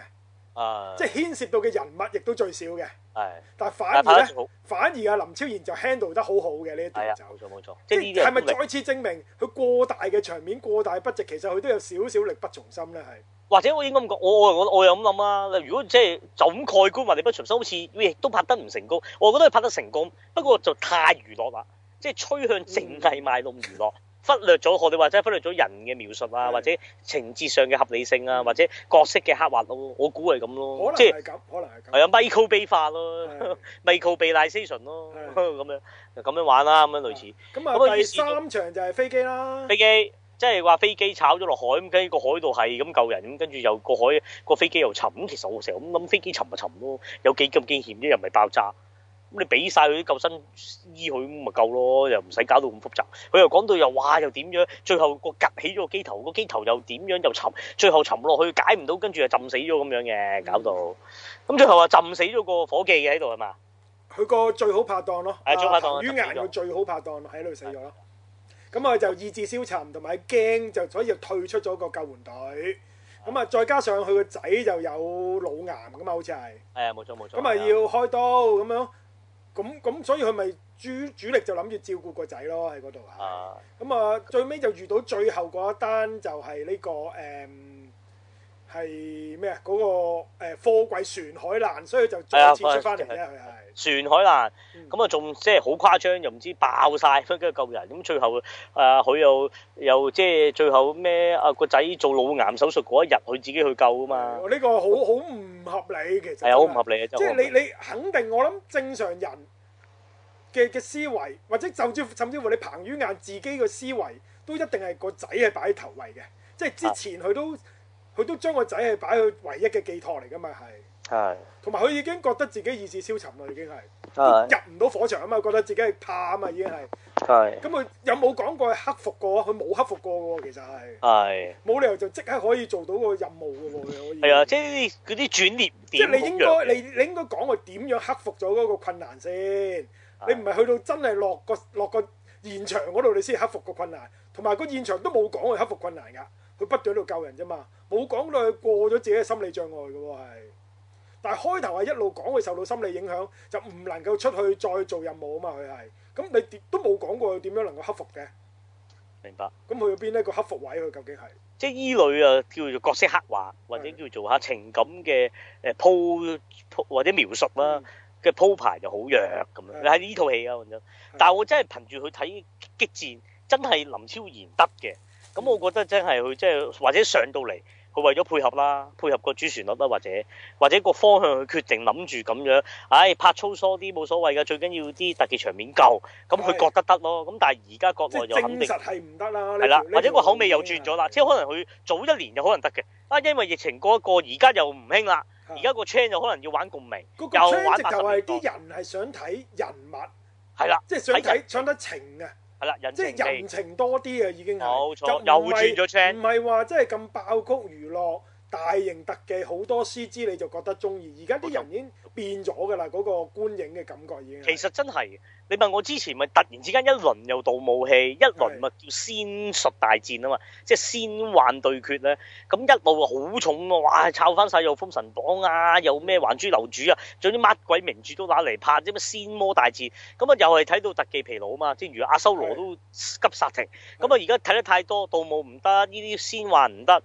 啊，即係牽涉到嘅人物亦都最少嘅，係。但係反而咧，反而阿林超賢就 handle 得好好嘅呢一段，就冇錯冇錯。即係咪再次證明佢過大嘅場面、過大 budget，其實佢都有少少力不從心咧？係。或者我應該咁講，我我我又咁諗啦。如果即係就咁概觀《萬你不尋》先，好似都拍得唔成功。我覺得佢拍得成功，不過就太娛樂啦，即係趨向淨係賣弄娛樂，忽略咗我哋，或者忽略咗人嘅描述啊，或者情節上嘅合理性啊，或者角色嘅刻畫咯。我估係咁咯，即係係咁，可能係係啊，microbe 化咯 microbe narration 咯咁樣咁樣玩啦，咁樣類似。咁啊，第三場就係飛機啦。飛機。即係話飛機炒咗落海咁，跟住個海度係咁救人，咁跟住又個海個飛機又沉。咁其實我成日咁諗，飛機沉咪沉咯，有幾咁驚險啫，又唔係爆炸。咁你俾晒佢啲救生衣佢，咪夠咯，又唔使搞到咁複雜。佢又講到又哇又點樣，最後個夾起咗個機頭，個機頭又點樣又沉，最後沉落去解唔到，跟住又浸死咗咁樣嘅，搞到。咁最後又浸死咗個夥計嘅喺度係嘛？佢個最好拍檔咯，于晏個最好拍檔喺度死咗咯。啊咁啊就意志消沉，同埋驚就所以就退出咗個救援隊。咁啊再加上佢個仔就有腦癌咁嘛，好似係。係啊、哎，冇錯冇錯。咁咪要開刀咁樣，咁咁所以佢咪主主力就諗住照顧個仔咯喺嗰度啊。咁啊最尾就遇到最後嗰一單就係呢個誒係咩啊？嗰個誒貨櫃船海難，所以就再次出翻嚟。啫。佢係船海難咁啊，仲即係好誇張，又唔知爆晒，去跟住救人。咁最後誒，佢、呃、又又即係最後咩啊？個仔做腦癌手術嗰一日，佢自己去救啊嘛！呢個好好唔合理，其實係好唔合理啊！即係你你肯定我諗正常人嘅嘅思維，或者就之甚至乎你彭于晏自己嘅思維，都一定係個仔係擺喺頭位嘅。即係、啊、之前佢都佢都將個仔係擺佢唯一嘅寄託嚟噶嘛，係係。啊同埋佢已經覺得自己意志消沉啦，已經係的入唔到火場啊嘛，覺得自己係怕啊嘛，已經係。係的。咁佢有冇講過係克服過？佢冇克服過嘅喎，其實係。係的。冇理由就即刻可以做到個任務嘅喎，我以。係啊，即係嗰啲轉捩點即係你應該，你你應該講佢點樣克服咗嗰個困難先？的你唔係去到真係落個落個現場嗰度，你先克服個困難。同埋個現場都冇講佢克服困難㗎，佢不斷喺度救人啫嘛，冇講到佢過咗自己嘅心理障礙嘅喎係。但係開頭係一路講佢受到心理影響，就唔能夠出去再做任務啊嘛！佢係咁你都冇講過佢點樣能夠克服嘅。明白。咁去咗邊呢個克服位佢究竟係？即係依類啊，叫做角色刻畫或者叫做嚇情感嘅誒鋪鋪或者描述啦、啊、嘅的鋪排就好弱咁樣。你喺呢套戲啊，的的但係我真係憑住佢睇激戰，真係林超賢得嘅。咁我覺得真係佢即係或者上到嚟。佢為咗配合啦，配合個主旋律啦，或者或者個方向去決定諗住咁樣，唉、哎、拍粗疏啲冇所謂嘅，最緊要啲特技場面夠，咁佢的覺得得咯。咁但係而家國內就肯定唔得啦，係啦，的或者個口味又轉咗啦，的即係可能佢早一年就可能得嘅，啊，因為疫情過一過，而家又唔興啦，而家的個 trend 又可能要玩共鳴，的又玩八十年代。嗰個的就係啲人係想睇人物，係啦的，即係想睇唱得情啊。的係即係人情多啲啊，已經係，冇錯就唔係唔係話即係咁爆谷娛樂、大型特技好多 CG 你就覺得中意，而家啲人已經變咗噶啦，嗰冇錯個觀影嘅感覺已經。其實真係。你問我之前咪突然之間一輪又盜墓戲，一輪咪叫仙術大戰啊嘛，即係仙幻對決咧。咁一路好重喎、啊，哇！抄翻晒又封神榜啊，又咩還珠樓主啊，仲啲乜鬼名著都攞嚟拍啲乜仙魔大戰。咁啊又係睇到特技疲勞啊嘛，即係如阿修羅都急煞停。咁啊而家睇得太多盜墓唔得，呢啲仙幻唔得。咁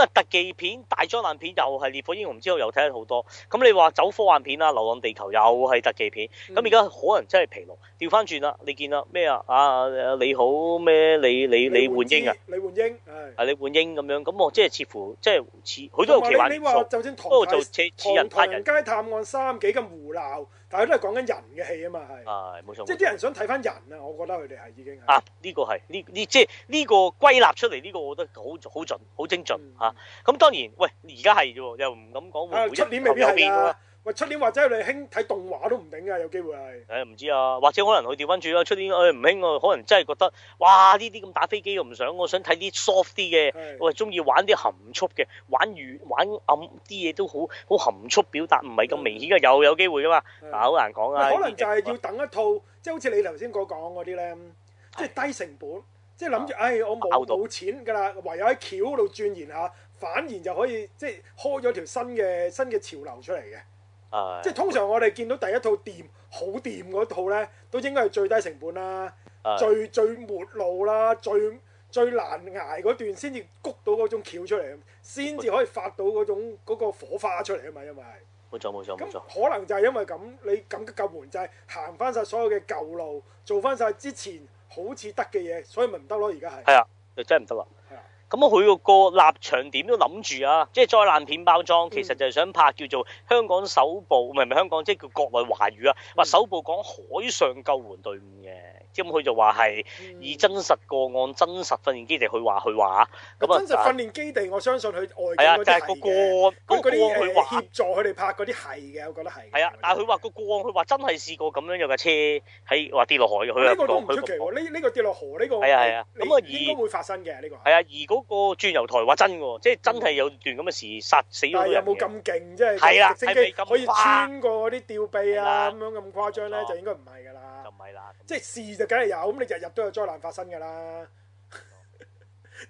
啊、嗯、特技片、大災難片又係烈火英雄，之後又睇得好多。咁你話走科幻片啊，《流浪地球》又係特技片。咁而家可能真係疲勞。調翻轉啦，你見啦咩啊啊，啊你好咩？李李李煥英啊，李煥英係啊，李煥英咁樣，咁我即係似乎即係似佢都幾玩數。有你你話就似唐探，唐人街探案三幾咁胡鬧，但係都係講緊人嘅戲啊嘛係。係冇錯。即係是啲人想睇翻人啦，我覺得佢哋係已經。啊呢、這個係呢呢即係呢個歸納出嚟呢個，這個這個這個、我覺得好好準好精準吓。咁、嗯啊、當然喂，而家係啫，又唔敢講會唔會冇變喂，出年或者你興睇動畫都唔定㗎，有機會係。誒唔、欸、知啊，或者可能佢調翻轉咯，出年誒唔興喎，可能真係覺得哇呢啲咁打飛機又唔想，我想睇啲 soft 啲嘅。我喂是，中意玩啲含蓄嘅，玩暗玩暗啲嘢都好好含蓄表達，唔係咁明顯啊，又、嗯、有，有機會噶嘛，係好是難講啊。可能就係要等一套，嗯、即係好似你頭先講講嗰啲咧，即係低成本，啊、即係諗住誒我冇冇錢㗎啦，唯有喺橋度鑽研下，反而就可以即係開咗條新嘅新嘅潮流出嚟嘅。即係、啊、通常我哋見到第一套掂好掂嗰套呢，都應該係最低成本啦，啊、最最末路啦，最最難捱嗰段先至谷到嗰種橋出嚟，先至可以發到嗰種嗰個火花出嚟啊嘛，因為冇錯冇錯，咁可能就係因為咁你緊急救援就係行翻晒所有嘅舊路，做翻晒之前好似得嘅嘢，所以咪唔得咯。而家係係啊，真係唔得啦。咁啊，佢個立場點都諗住啊，即係災難片包裝，其實就係想拍叫做香港首部，唔係唔係香港，即係叫國內華語啊，話首部講海上救援隊伍嘅。咁佢就話係以真實個案、真實訓練基地去話去話，咁啊真實訓練基地我相信佢外邊嗰啲嘅。係啊，就係個個案個個案去協助佢哋拍嗰啲係嘅，我覺得係。係啊，但係佢話個個案，佢話真係試過咁樣有架車喺話跌落海嘅，佢話個個案。呢個都唔出奇呢，呢個跌落河，呢個係啊係啊。咁啊而應該會發生嘅呢個係啊，而嗰個轉油台話真喎，即係真係有段咁嘅事殺死咗。但係有冇咁勁？即係直升機可以穿過嗰啲吊臂啊咁樣咁誇張咧，就應該唔係㗎啦。就唔係啦，即係試。梗係有，咁你日日都有災難發生㗎啦。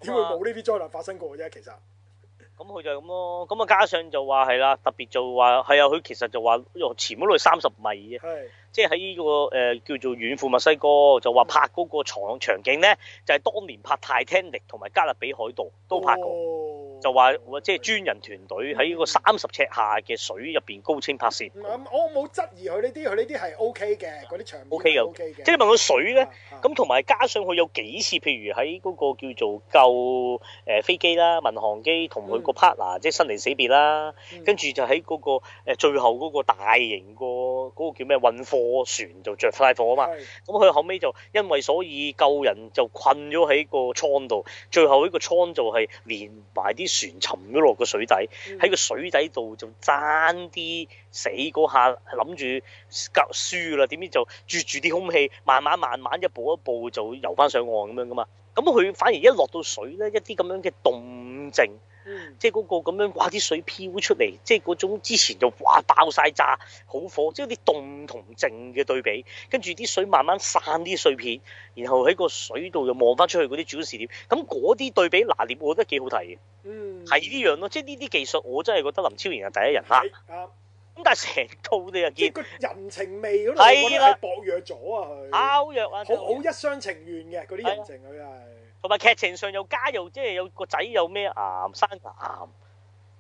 點 會冇呢啲災難發生過啫？其實、嗯，咁、嗯、佢就係咁咯。咁、嗯、啊，加上就話係啦，特別就話係啊，佢其實就話，哦，前嗰度三十米啫。係、這個。即係喺呢個誒叫做遠赴墨西哥，就話拍嗰個牀場景咧，嗯、就係當年拍《泰坦尼克》同埋《加勒比海盜》都拍過。哦。就話即係專人團隊喺個三十尺下嘅水入邊、嗯、高清拍攝、嗯，我冇質疑佢呢啲，佢呢啲係 O K 嘅嗰啲場面、OK。O K 嘅，OK、的即係問佢水咧。咁同埋加上佢有幾次，譬如喺嗰個叫做救誒飛機啦、民航機同佢個 partner，即係生離死別啦。跟住、嗯、就喺嗰、嗯、個誒最後嗰個大型個嗰個叫咩運貨船就着晒火啊嘛。咁佢是後尾就因為所以救人就困咗喺個倉度，最後呢個倉就係連埋啲。船沉咗落個水底，喺個、嗯、水底度就爭啲死嗰下，諗住格輸啦，點知就啜住啲空氣，慢慢慢慢一步一步就游翻上岸咁樣噶嘛。咁佢反而一落到水咧，一啲咁樣嘅動靜。嗯、即係嗰個咁樣，哇！啲水飄出嚟，即係嗰種之前就話爆晒炸，好火，即係啲動同靜嘅對比，跟住啲水慢慢散啲碎片，然後喺個水度又望翻出去嗰啲主視點，咁嗰啲對比拿捏，我覺得幾好睇嘅，係呢、嗯、樣咯，即係呢啲技術，我真係覺得林超賢係第一人啦。啱、嗯，咁、嗯、但係成套你又見人情味嗰度，係啦，薄弱咗啊，佢，好弱啊，好好一廂情願嘅啲人情佢係是。是同埋劇情上又加又即係有個仔有咩啊？生男，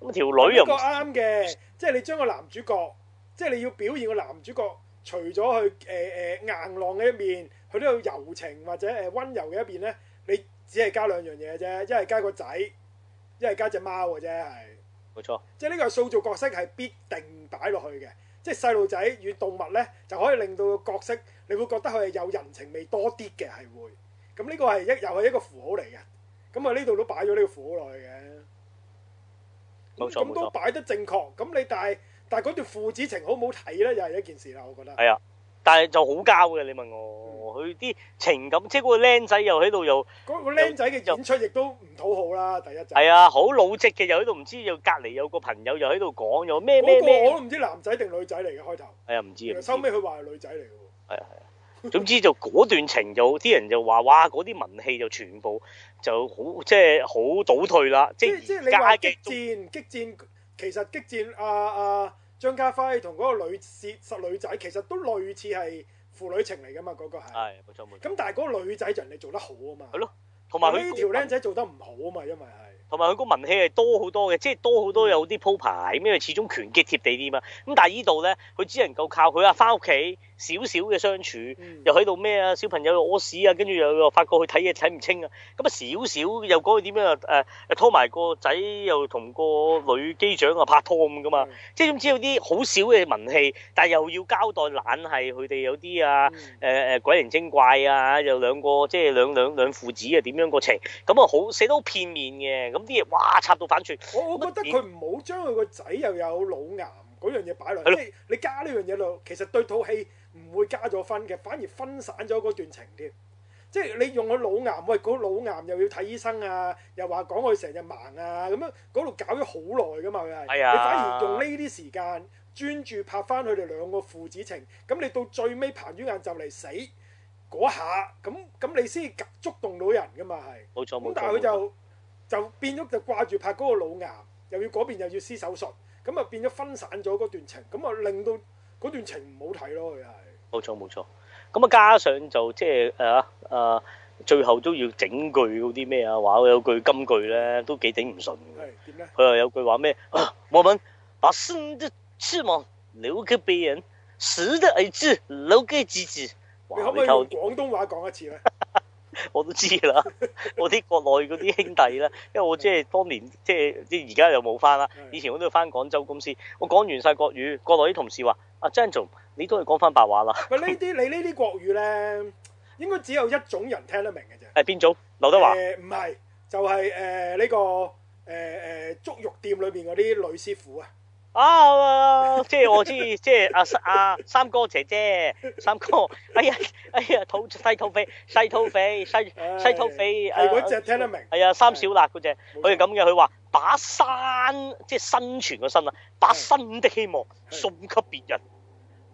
咁條女又啱嘅，即係你將個男主角，即係你要表現個男主角，除咗佢誒誒硬朗嘅一面，佢都有柔情或者誒溫柔嘅一面咧。你只係加兩樣嘢啫，一係加個仔，一係加隻貓嘅啫，係冇錯。即係呢個塑造角色係必定擺落去嘅，即係細路仔與動物咧，就可以令到個角色你會覺得佢係有人情味多啲嘅，係會。咁呢個係一又係一個符號嚟嘅，咁啊呢度都擺咗呢個符號落去嘅，冇錯，咁咁都擺得正確。咁你但係但係嗰段父子情好唔好睇咧？又係一件事啦，我覺得。係啊，但係就好交嘅。你問我，佢啲情感即係個僆仔又喺度又，個僆仔嘅演出亦都唔討好啦。第一集係啊，好老積嘅又喺度，唔知又隔離有個朋友又喺度講又咩咩咩。不過我都唔知男仔定女仔嚟嘅開頭。係啊，唔知嘅。收尾佢話係女仔嚟嘅喎。係啊。係啊。 總之就嗰段情就啲人就話哇嗰啲文戲就全部就好即係好倒退啦，即係而家你話激戰激戰，其實激戰阿阿張家輝同嗰個女設女仔其實都類似係父女情嚟噶嘛，嗰、那個係係冇錯冇錯。咁、哎、但係嗰個女仔就人哋做得好啊嘛，係咯，同埋佢呢條 𡃁 仔就做得唔好啊嘛，因為係同埋佢個文戲係多好多嘅，即係多好多有啲鋪排，因為始終拳擊貼地啲嘛。咁但係依度咧，佢只能夠靠佢阿返屋企。少少嘅相處，又喺度咩啊？小朋友屙屎啊，跟住又又發覺佢睇嘢睇唔清啊！咁啊少少又講佢點樣啊？誒、呃、誒拖埋個仔又同個女機長啊拍拖咁噶嘛？即係點知有啲好少嘅文戲，但係又要交代懶係佢哋有啲啊誒誒、呃、鬼靈精怪啊，又兩個即係兩兩兩父子啊點樣個情？咁啊好寫到好片面嘅，咁啲嘢哇插到反轉！我覺得佢唔好將佢個仔又有腦癌嗰樣嘢擺落去，係的你加呢樣嘢落，其實對套戲。唔會加咗分嘅，反而分散咗嗰段情添。即係你用個腦癌，喂，個腦癌又要睇醫生啊，又話講佢成日盲啊，咁樣嗰度搞咗好耐噶嘛，佢係。哎、呀你反而用呢啲時間專注拍翻佢哋兩個父子情，咁你到最尾彭于晏就嚟死嗰下，咁咁你先觸動到人噶嘛係。冇錯冇錯。咁但係佢就錯就變咗就掛住拍嗰個腦癌，又要嗰邊又要施手術，咁啊變咗分散咗嗰段情，咁啊令到嗰段情唔好睇咯，佢啊。冇錯冇錯，咁啊加上就即係誒啊誒，最後都要整句嗰啲咩啊話有句金句咧，都幾頂唔順嘅。點咧？佢有句話咩？啊，我們把生的希望留給別人，死的意志留給自己。你可唔可以用廣東話講一次咧？ 我都知啦，我啲國內嗰啲兄弟咧，因為我即係當年即係啲而家又冇翻啦。以前我都翻廣州公司，我講完晒國語，國內啲同事 man, 話：阿張總，你都係講翻白話啦。喂，呢啲你呢啲國語咧，應該只有一種人聽得明嘅啫。誒，邊種？劉德華。誒、呃，唔係，就係誒呢個誒誒足浴店裏邊嗰啲女師傅啊。Oh, uh, 啊！即係我知，即係阿阿三哥姐姐，三哥，哎呀，哎呀，土細土匪，細土匪，細細土匪，係嗰隻聽得明？係、 哎、啊、哎，三小辣嗰隻，佢係咁嘅，佢話把生即係生存個生啊，把生的希望送給別人，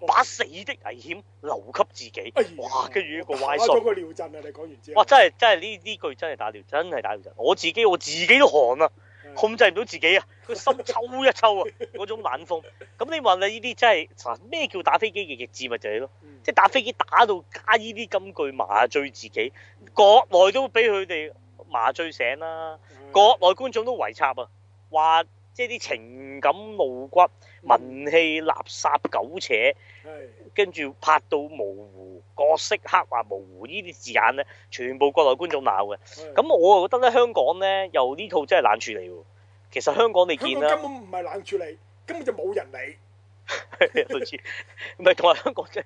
把死的危險留給自己。哇！跟住一個歪信，打個尿震啊！你講完之後，哇！真係真係呢呢句真係打尿，真係打尿震，我自己我自己都寒啊！控制唔到自己啊！個心抽一抽啊，嗰 種冷風。咁你話你呢啲真係，咩叫打飛機嘅極致咪就係咯，嗯、即係打飛機打到加呢啲金句麻醉自己，國內都俾佢哋麻醉醒啦、啊，國內、嗯、觀眾都圍插啊，話即係啲情感露骨、文氣垃圾苟且、狗扯、嗯。嗯。跟住拍到模糊，角色刻畫模糊，呢啲字眼咧，全部國內觀眾鬧嘅。咁的我又覺得咧，香港咧又呢套真係冷處理喎。其實香港你見啦，根本唔係冷處理，根本就冇人理。係，好唔係同埋香港即係，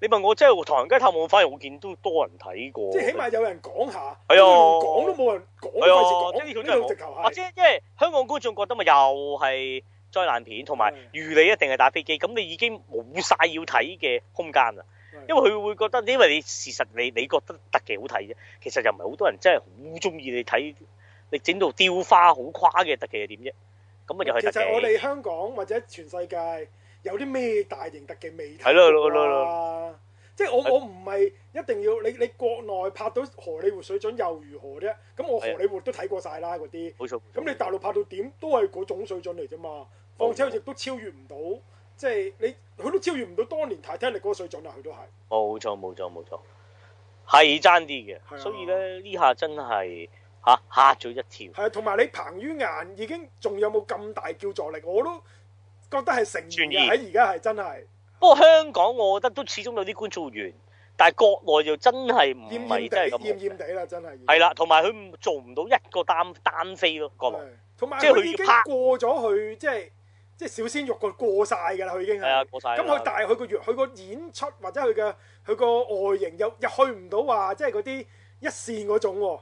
你問我即係《唐人街探案》，反而我見都多人睇過。即係起碼有人講下，的都講都冇人講。係啊，即係呢套真係直頭係。或者因為香港觀眾覺得咪又係。災難片同埋預你一定係打飛機，咁你已經冇晒要睇嘅空間啦。因為佢會覺得，因為你事實你你覺得特技好睇啫，其實又唔係好多人真係好中意你睇你整到雕花好誇嘅特技係點啫。咁啊入去特技。其實我哋香港或者全世界有啲咩大型特技未睇過啊？即係我是我唔係一定要你你國內拍到荷里活水準又如何啫？咁我荷里活都睇過晒啦嗰啲。冇的些錯。咁你大陸拍到點都係嗰種水準嚟啫嘛。哦、況且亦都超越唔到，即係你佢都超越唔到當年泰坦力嗰個水準啦。佢都係。冇錯冇錯冇錯，係爭啲嘅。的所以咧呢下真係吓、啊、嚇咗一跳。係啊。同埋你彭于晏已經仲有冇咁大叫座力？我都覺得係成疑喺而家係真係。不過香港我覺得都始終有啲觀眾緣，但係國內就真係唔係真係咁。厭厭地啦，真係、啊。係啦，同埋佢做唔到一個單單飛咯。同埋即係佢已經過咗佢，即係即係小鮮肉個過晒㗎啦，佢已經係。啊，過曬。咁佢但係佢個佢個演出或者佢嘅佢個外形又又去唔到話，即係嗰啲一線嗰種喎。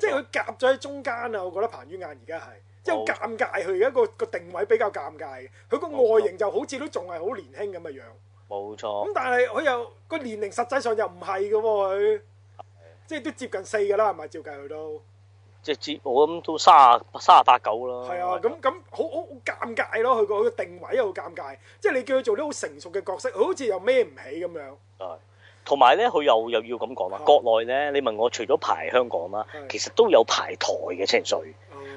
即係佢夾咗喺中間啊！我覺得彭于晏而家係。即係尷尬，佢而家個個定位比較尷尬嘅，佢個外形就好似都仲係好年輕咁嘅樣。冇錯。咁但係佢又個年齡實際上又唔係㗎喎，佢即係都接近四㗎啦，係咪照計佢都？即係接我諗都三十三十八九啦。係啊，咁咁好好尷尬咯，佢個佢個定位又好尷尬，即係你叫佢做啲好成熟嘅角色，佢好似又孭唔起咁樣。係。同埋咧，佢又又要咁講啦，國內咧，你問我除咗排香港啦，其實都有排台嘅情緒。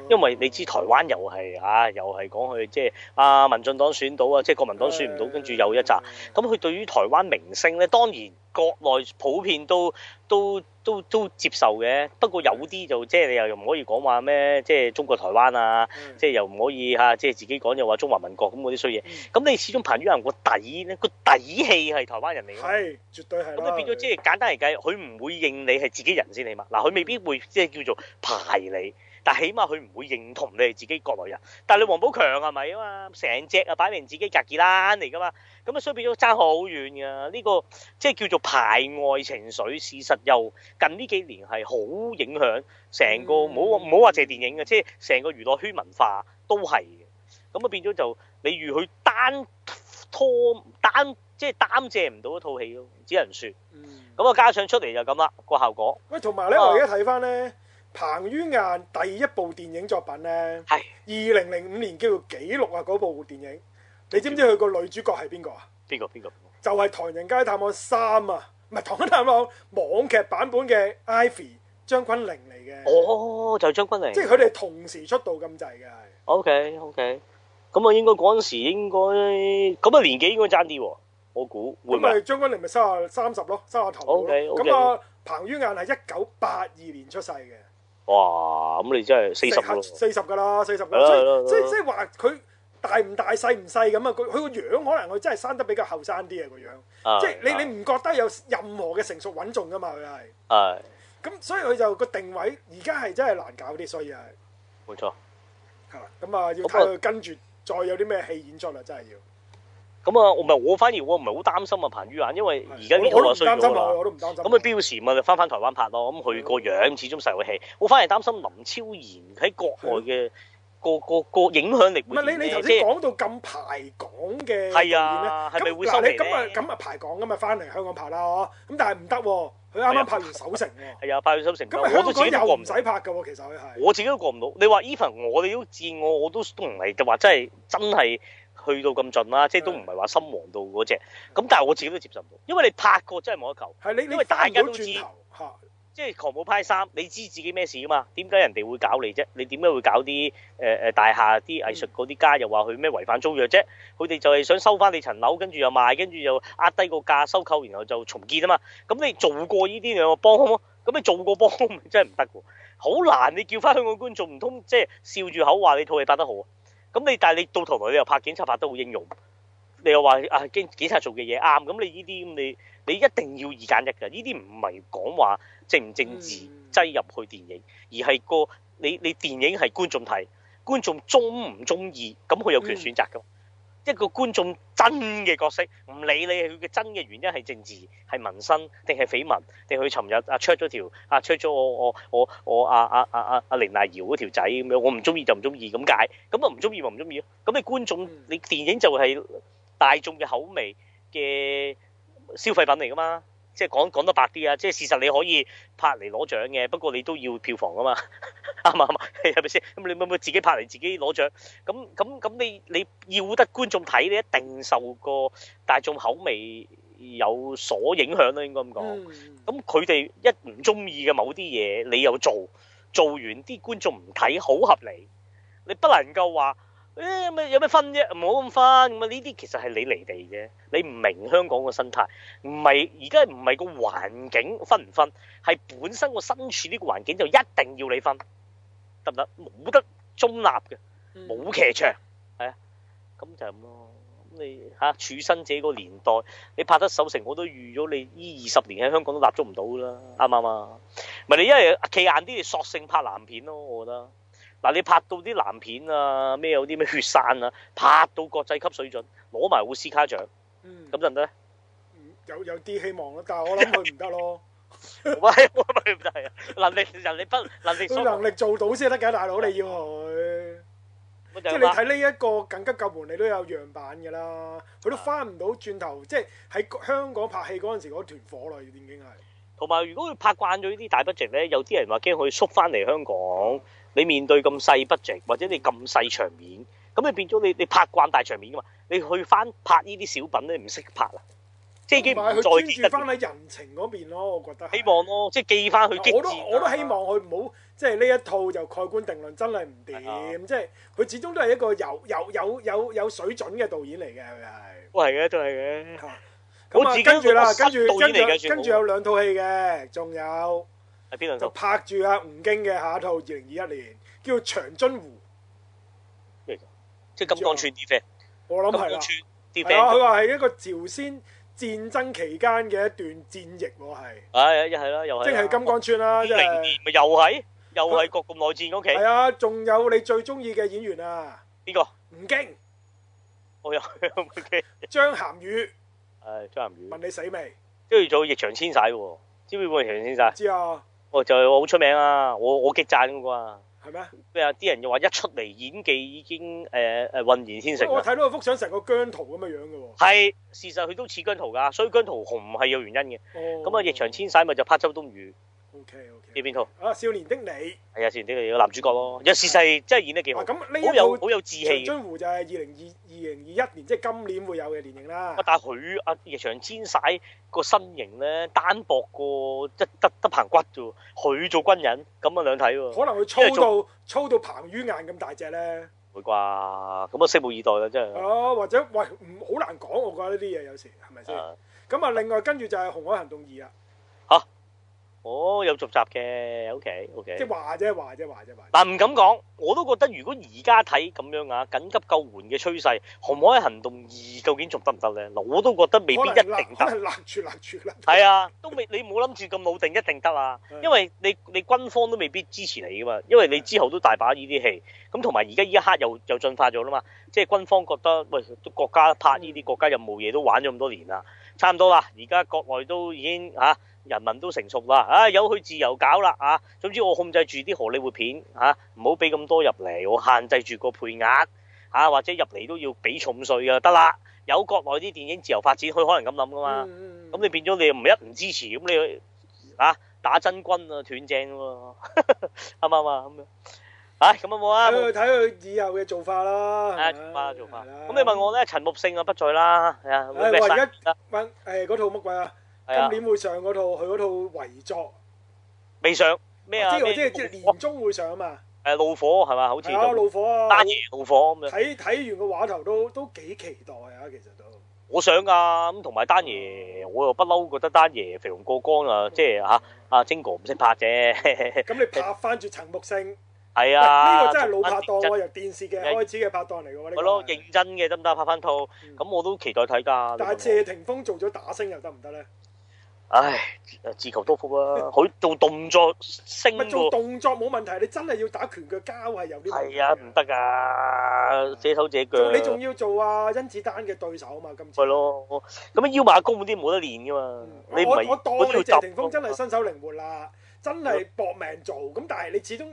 因為你知台灣又係啊，又係講佢即係阿民進黨選到啊，即係國民黨選唔到，跟住又一紮咁。佢對於台灣明星咧，當然國內普遍都都都都接受嘅。不過有啲就即係你又唔可以講話咩，即係中國台灣啊，即係又唔可以嚇，即係自己講又話中華民國咁嗰啲衰嘢。咁你始終憑住人個底咧，個底氣係台灣人嚟嘅，係絕對係。咁你變咗即係簡單嚟計，佢唔會認你係自己人先，你嘛嗱，佢未必會即係叫做排你。但起碼佢唔會認同你係自己國內人，但係你王寶強係咪啊嘛？成隻啊擺明自己格爾蘭嚟噶嘛，咁啊所以變咗爭好遠噶。呢個即係叫做排外情緒，事實又近呢幾年係好影響成個，唔好唔好話借電影嘅，即係成個娛樂圈文化都係嘅。咁啊變咗就例如佢單拖單即係擔借唔到一套戲咯，只能説。嗯。咁啊加上出嚟就咁啦，個效果。喂，同埋咧，我而家睇翻咧。彭于晏第一部電影作品咧，係二零零五年叫做《紀錄》啊，嗰部電影你知唔知佢個女主角係邊個啊？邊個邊個就係、是《唐人街探案三》啊，唔係《唐人街探案》、啊網劇版本嘅 Ivy 張君玲嚟嘅。哦，就係、是、張君玲，即係佢哋同時出道咁滯嘅。O K O K，咁啊，應該嗰陣時應該咁啊、那個、年紀應該爭啲喎，我估。唔係張君玲咪三十三十咯，三十頭 O K O K。咁 Okay, okay. 啊，彭于晏係一九八二年出世嘅。哇！咁你真係四十咯，四十噶啦，四十㗎啦，即係，即係話佢大唔大、細唔細咁啊？佢佢個樣可能佢真係生得比較後生啲啊個樣。即係你你唔覺得有任何嘅成熟穩重噶嘛？佢係。係。咁所以佢就個定位而家係真係難搞啲，所以係。冇錯。係嘛？咁啊，要睇佢跟住再有啲咩戲演出啦，真係要。咁啊，我唔係我，反而我唔係好擔心啊彭于晏，因為而家好耐啊需要啊，咁啊標示咪就翻翻台灣拍咯。咁佢個樣始終實有戲。我反而擔心林超賢喺國外嘅個個個影響力，唔係你你頭先講到咁排講嘅係啊，係咪會收嚟咁啊，咁啊排講咁嘛，翻嚟香港拍啦，咁但係唔得喎，佢啱啱拍完守城喎。係啊，拍完守城。咁啊，香港又唔使拍噶喎，其實佢係我自己都過唔到。你話 Even 我哋都自我，我都都唔係就話真係真係。去到咁盡啦，即係都唔係話心黃到嗰隻，咁但係我自己都接受唔到，因為你拍過真係冇得求，因為大家都知，即係狂舞派三，你知自己咩事噶嘛？點解人哋會搞你啫？你點解會搞啲誒誒大廈啲藝術嗰啲家又話佢咩違反租約啫？佢哋就係想收翻你層樓，跟住又賣，跟住又壓低個價收購，然後就重建啊嘛。咁你做過呢啲兩個幫，咁你做過幫，做過幫真係唔得嘅，好難。你叫翻香港觀眾唔通即係笑住口話你套戲拍得好？咁你但係你到頭來你又拍警察拍得好英勇，你又話啊警警察做嘅嘢啱，咁你呢啲咁你你一定要二選一嘅，呢啲唔係講話政唔政治擠入去電影，而係個你你電影係觀眾睇，觀眾鍾唔鍾意，咁佢有權選擇嘅。嗯一個觀眾真嘅角色，唔理你佢嘅真嘅原因係政治、係民生，定係緋聞，定佢尋日啊，出咗條啊，出咗我我我我阿阿阿阿阿凌娜瑤嗰條仔咁樣，我唔中意就唔中意咁解，咁啊唔中意咪唔中意咯，咁你觀眾你電影就係大眾嘅口味嘅消費品嚟噶嘛？即係講講得白啲啊！即係事實，你可以拍嚟攞獎嘅，不過你都要票房㗎嘛，啱 啱？係咪先咁？你會唔會自己拍嚟，自己攞獎咁咁咁，你你要得觀眾睇，你一定受個大眾口味有所影響啦。應該咁講。咁佢哋一唔中意嘅某啲嘢，你又做做完啲觀眾唔睇，好合理。你不能夠話。誒咪、欸、有咩分啫？唔好咁分咁啊！呢啲其實係你離地啫，你唔明香港個生態，唔係而家唔係個環境分唔分，係本身我身處呢個環境就一定要你分，得唔得？冇得中立嘅，冇、嗯、騎牆，係啊，咁就係咁咯。咁你嚇處身者個年代，你拍得守成，我都預咗你依二十年喺香港都立足唔到啦。啱唔啱啊？咪、嗯、你因為企硬啲，你索性拍爛片咯，我覺得。嗱、啊，你拍到啲藍片啊，咩有啲咩血散啊，拍到國際級水準，攞埋奧斯卡獎，咁得唔得咧？有有啲希望咯，但係我諗佢唔得咯。喂，我唔得啊！能力能力不 能力，能力，能力，能力做到先得㗎，大佬不能 你要去，即係你睇呢一個緊急救援，你都有樣板噶啦。佢的都翻唔到轉頭，即係喺香港拍戲嗰陣時嗰團火啦，已經係。同埋，如果佢拍慣咗呢啲大 budget 咧，有啲人話驚佢縮翻嚟香港。 你面對咁細 budget 或者你咁細場面，咁你變咗你你拍慣大場面㗎嘛？你去翻拍呢啲小品咧，唔識拍喇！即係佢再轉翻喺人情嗰邊咯，我覺得。希望咯，即係記翻佢。我都我都希望佢唔好即係呢一套就蓋棺定論真，真係唔掂。即係佢始終都係一個有有有有有水準嘅導演嚟嘅，佢係。都係嘅，都係嘅。咁啊，跟住啦，導演嚟跟住跟住有兩套戲嘅，仲有。就拍住阿吳京嘅下套二零二一年叫《長津湖》，咩？即係金剛川 D. 飛我諗係佢話係一個朝鮮戰爭期間嘅一段戰役喎，係。唉，係啦，又係。即係金剛川啦，二零年咪又係又係國共內戰，嗰期。係啊，仲有你最中意嘅演員啊？邊個？吳京。我又吳京。張涵予。係張涵予。問你死未？即係做易烊千璽喎。知唔知易烊千璽？知啊。我就係好出名啊！我我極讚嘅喎，係咩？咩啊？啲嗎人又話一出嚟演技已經誒誒混然天成。我睇到幅相成個姜濤咁嘅樣嘅喎，啊。係事實，佢都似姜濤㗎，所以姜濤紅唔係有原因嘅。咁啊、哦，易烊千璽咪就拍周冬雨。啲邊套啊少年的你，係啊、哎、少年的你個男主角咯，有時係真係演得幾好。咁呢好有志氣《長津湖》就係二零二二零二一年，即係今年會有嘅電影啦。但係佢阿易烊千璽個身形咧單薄個，即得得，得棚骨啫。佢做軍人，咁啊兩睇喎。可能佢粗到粗，粗到彭于晏咁大隻咧。會啩？咁啊拭目以待啦，真係。哦，或者喂，唔好、呃、難講，我覺得呢啲嘢有時係咪先？咁啊，另外跟住就係《紅海行動二》啊。哦，oh, 有續集嘅，OK，OK。Okay, okay. 即係話啫，話啫，話啫，話。嗱，唔敢講，我都覺得如果而家睇咁樣啊，緊急救援嘅趨勢，《紅海行動二》究竟仲得唔得咧？嗱，我都覺得未必一定得。難係啊，都未你冇諗住咁老定一定得啊，因為你你軍方都未必支持你噶嘛，因為你之後都大把呢啲戲，咁同埋而家呢一刻又又進化咗啦嘛，即係軍方覺得喂，國家拍呢啲國家任務嘢都玩咗咁多年啦，差唔多啦，而家國內都已經嚇。啊人民都成熟啦，啊有佢自由搞啦啊，總之我控制住啲荷里活片啊，唔好俾咁多入嚟，我限制住個配額啊，或者入嚟都要俾重稅噶，得啦。有國內啲電影自由發展，佢可能咁諗噶嘛。咁你變咗你又唔係一唔支持，咁你啊打真軍啊斷正喎，啱唔啱啊？咁樣，唉咁有冇啊？去睇佢以後嘅做法啦。做法做法。咁你問我咧，陳木勝啊不在啦，係啊誒嗰套乜鬼啊？今年會上嗰套，佢嗰套遺作未上咩啊？即係即即係年終會上啊嘛。誒，怒火係咪？好似係啊，怒火啊，丹爺怒火咁樣。睇睇完個話頭都都幾期待啊，其實都。我想噶，咁，同埋丹爺，我又不嬲覺得丹爺肥龍過江啊，即係吓阿晶哥唔識拍啫。咁你拍翻住陳木勝？係啊？呢個真係老拍檔啊，由電視嘅開始嘅拍檔嚟嘅。係咯，認真嘅得唔得？拍翻套咁，我都期待睇噶。但係謝霆鋒做咗打星又得唔得咧？唉，自求多福啊。佢做動作升喎，做動作冇問題。你真係要打拳腳交係有啲？係啊，唔得㗎，借手借腳。你仲要做啊？甄子丹嘅對手啊嘛？今次係咯，咁啊腰馬功嗰啲冇得練㗎嘛？你我我當你謝霆鋒真係身手靈活啦，真係搏命做。咁但係你始終。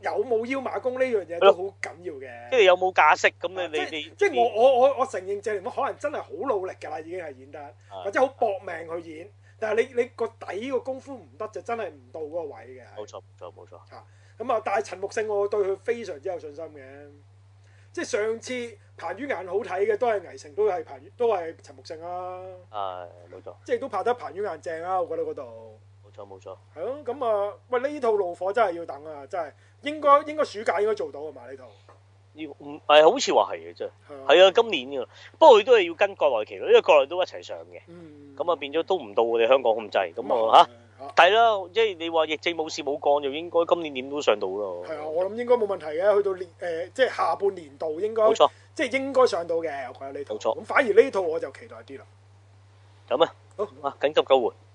有冇腰馬功呢樣嘢都好緊要嘅，即係有冇架勢咁咧？你你即係我我我我承認謝霆鋒可能真係好努力噶啦，已經係演得，或者好搏命去演。但係你你個底個功夫唔得，就真係唔到嗰個位嘅。冇錯冇錯冇錯。啊，咁啊，但係陳木勝我對佢非常之有信心嘅，即係上次彭于晏好睇嘅都係危城，都係彭，于，都係陳木勝啦。啊，冇錯。即係都拍得彭于晏正啦。我覺得嗰度。冇錯冇錯。係咯，咁啊，喂，呢套怒火真係要等啊，真係。應該應該暑假應該做到㗎嘛呢套，要唔係好似話係嘅真係啊，今年㗎，不過佢都係要跟國內期，因為國內都一齊上嘅，咁啊變咗都唔到我哋香港控制，咁啊嚇，係咯，即係你話疫症冇事冇幹，就應該今年點都上到咯。係啊，我諗應該冇問題嘅，去到年誒即係下半年度應該冇錯，即係應該上到嘅。我覺得呢套冇錯，咁反而呢套我就期待啲啦。咁啊，好啊，緊急救援。